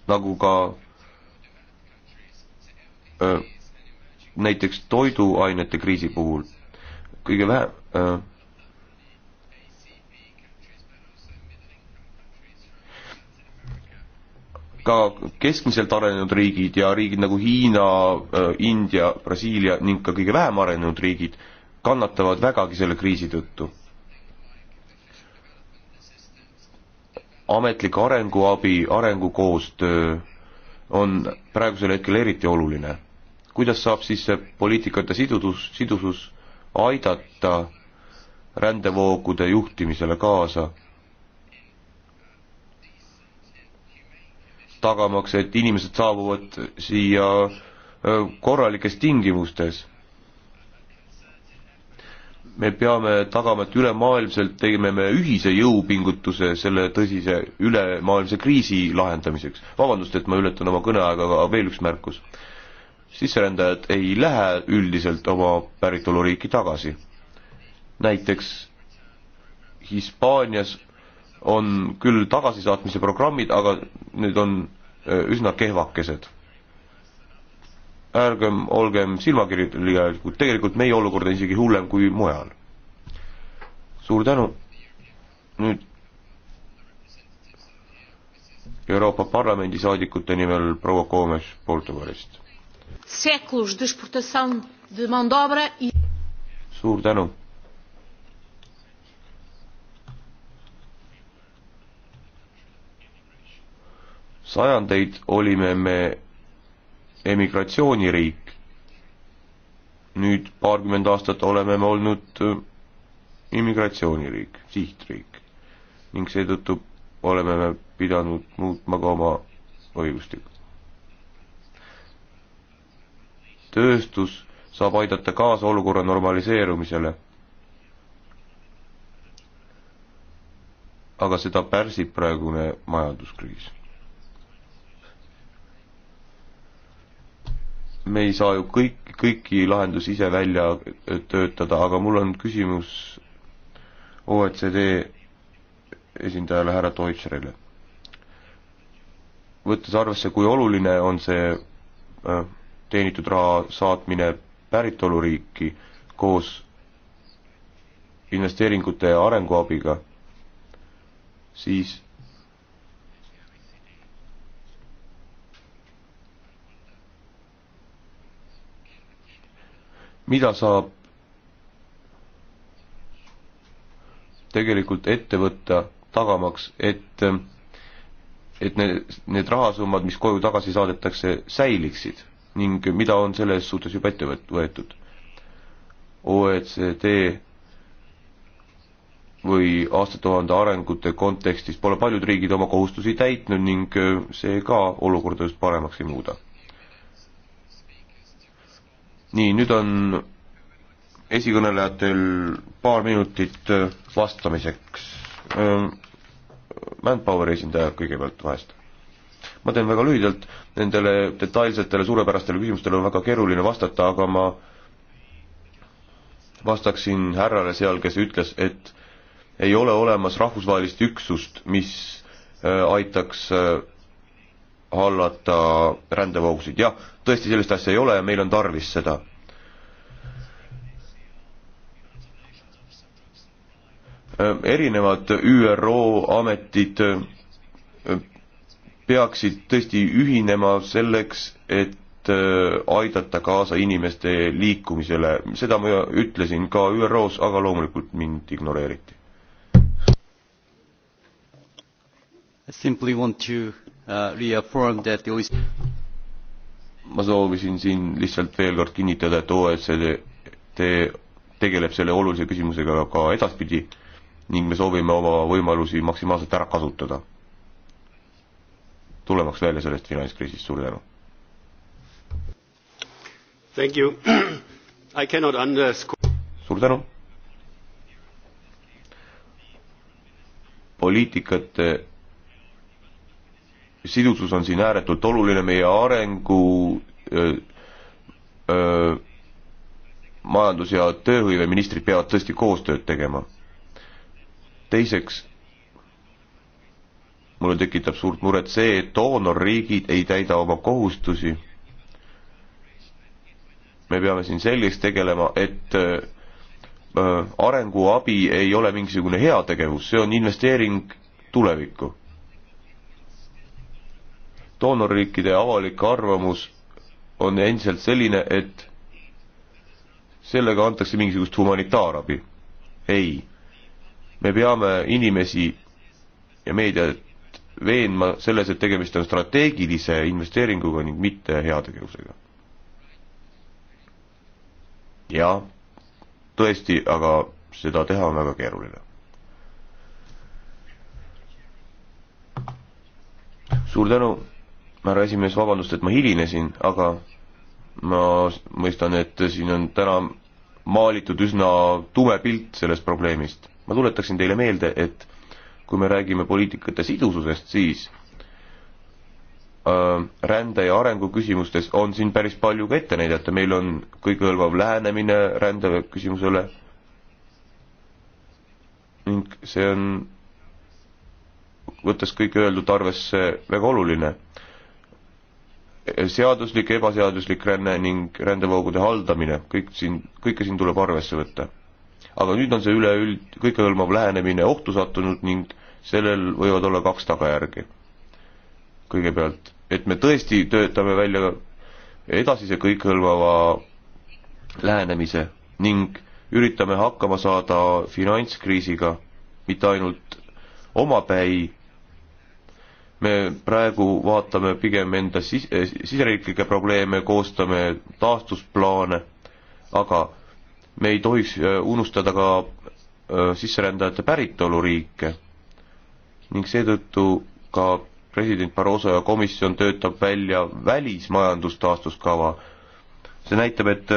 nagu ka öö, näiteks toiduainete kriisi puhul kõige vähem öö, ka keskmiselt arenenud riigid ja riigid nagu Hiina, India, Brasiilia ning ka kõige vähem arenenud riigid kannatavad vägagi selle kriisi tõttu. ametlik arenguabi, arengukoostöö on praegusel hetkel eriti oluline. kuidas saab siis see poliitikate sidudus, sidusus aidata rändevoogude juhtimisele kaasa, tagamaks, et inimesed saabuvad siia äh, korralikes tingimustes me peame tagama, et ülemaailmselt tegime me ühise jõupingutuse selle tõsise ülemaailmse kriisi lahendamiseks. vabandust, et ma ületan oma kõneaega, aga veel üks märkus. sisserändajad ei lähe üldiselt oma päritoluriiki tagasi. näiteks Hispaanias on küll tagasisaatmise programmid, aga need on äh, üsna kehvakesed ärgem olgem silmakirjalikud, tegelikult meie olukord on isegi hullem kui mujal. suur tänu, nüüd Euroopa Parlamendi saadikute nimel proua Koomes Portugalist. E suur tänu. sajandeid olime me emigratsiooniriik. nüüd paarkümmend aastat oleme me olnud äh, immigratsiooniriik, sihtriik ning seetõttu oleme me pidanud muutma ka oma õigustikku. tööstus saab aidata kaasa olukorra normaliseerumisele. aga seda pärsib praegune majanduskriis me ei saa ju kõik, kõiki lahendusi ise välja töötada, aga mul on küsimus OECD esindajale härra Deutscherile. võttes arvesse, kui oluline on see äh, teenitud raha saatmine päritoluriiki koos investeeringute ja arenguabiga, siis mida saab tegelikult ette võtta, tagamaks, et, et need, need rahasummad, mis koju tagasi saadetakse, säiliksid ning mida on selles suhtes juba ette võetud. OECD või aastatuhande arengute kontekstis pole paljud riigid oma kohustusi täitnud ning see ka olukorda just paremaks ei muuda nii, nüüd on esikõnelejatel paar minutit äh, vastamiseks. Ähm, Manpoweri esindaja kõigepealt vahest. ma teen väga lühidalt, nendele detailsetele suurepärastele küsimustele on väga keeruline vastata, aga ma vastaksin härrale seal, kes ütles, et ei ole olemas rahvusvahelist üksust, mis äh, aitaks äh, hallata rändevoogusid, jah, tõesti sellist asja ei ole ja meil on tarvis seda. Ehm, erinevad ÜRO ametid ehm, peaksid tõesti ühinema selleks, et ehm, aidata kaasa inimeste liikumisele, seda ma ütlesin ka ÜRO-s, aga loomulikult mind ignoreeriti. I simply want to Uh, e ma soovisin siin lihtsalt veel kord kinnitada, et OECD te tegeleb selle olulise küsimusega ka edaspidi ning me soovime oma võimalusi maksimaalselt ära kasutada, tulemaks välja sellest finantskriisist, suur tänu. Thank you. [CLEARS THROAT] I cannot underscore. suur tänu. poliitikate sidusus on siin ääretult oluline, meie arengu öö, öö, majandus- ja tööhõiveministrid peavad tõesti koostööd tegema. teiseks, mulle tekitab suurt muret see, et doonorriigid ei täida oma kohustusi. me peame siin selgeks tegelema, et öö, arenguabi ei ole mingisugune heategevus, see on investeering tulevikku doonorriikide avalik arvamus on endiselt selline, et sellega antakse mingisugust humanitaarabi. ei. me peame inimesi ja meediat veenma selles, et tegemist on strateegilise investeeringuga ning mitte heategevusega. jah, tõesti, aga seda teha on väga keeruline. suur tänu härra esimees, vabandust, et ma hilinesin, aga ma mõistan, et siin on täna maalitud üsna tume pilt sellest probleemist. ma tuletaksin teile meelde, et kui me räägime poliitikate sidususest, siis äh, rände ja arengu küsimustes on siin päris palju ka ette näidata, meil on kõikehõlmav lähenemine rände küsimusele ning see on, võttes kõike öeldut arvesse, väga oluline seaduslik, ebaseaduslik ränne ning rändevoogude haldamine, kõik siin, kõike siin tuleb arvesse võtta. aga nüüd on see üleüld-, kõikehõlmav lähenemine ohtu sattunud ning sellel võivad olla kaks tagajärge. kõigepealt, et me tõesti töötame välja edasise kõikehõlmava lähenemise ning üritame hakkama saada finantskriisiga mitte ainult omapäi me praegu vaatame pigem enda sis-, eh, siseriiklikke probleeme, koostame taastusplaane, aga me ei tohiks eh, unustada ka eh, sisserändajate päritoluriike ning seetõttu ka president Barroso ja komisjon töötab välja välismajandustaastuskava. see näitab, et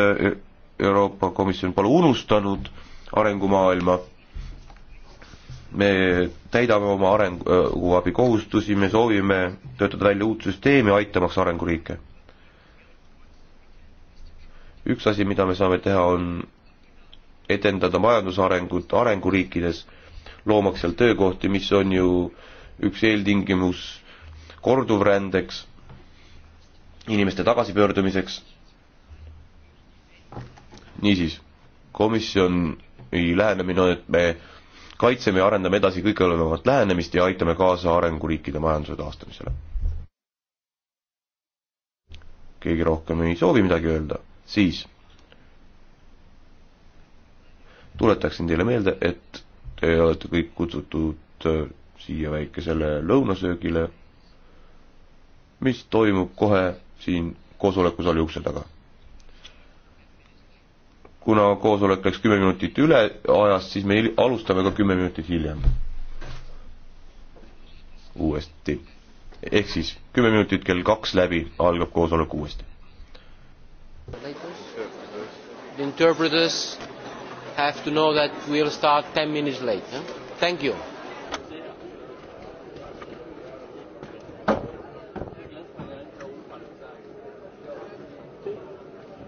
Euroopa Komisjon pole unustanud arengumaailma me täidame oma arenguabi kohustusi, me soovime töötada välja uut süsteemi, aitamaks arenguriike. üks asi, mida me saame teha, on edendada majandusarengut arenguriikides, loomaks seal töökohti, mis on ju üks eeltingimus korduvrändeks, inimeste tagasipöördumiseks. niisiis, komisjoni lähenemine on, et me kaitseme ja arendame edasi kõikehõlmavat lähenemist ja aitame kaasa arenguriikide majanduse taastamisele. keegi rohkem ei soovi midagi öelda, siis tuletaksin teile meelde, et te olete kõik kutsutud äh, siia väikesele lõunasöögile, mis toimub kohe siin koosolekusaali ukse taga kuna koosolek läks kümme minutit üle ajast, siis me alustame ka kümme minutit hiljem. uuesti. ehk siis kümme minutit kell kaks läbi algab koosolek uuesti. The interpreters have to know that we will start ten minutes late eh? thank you.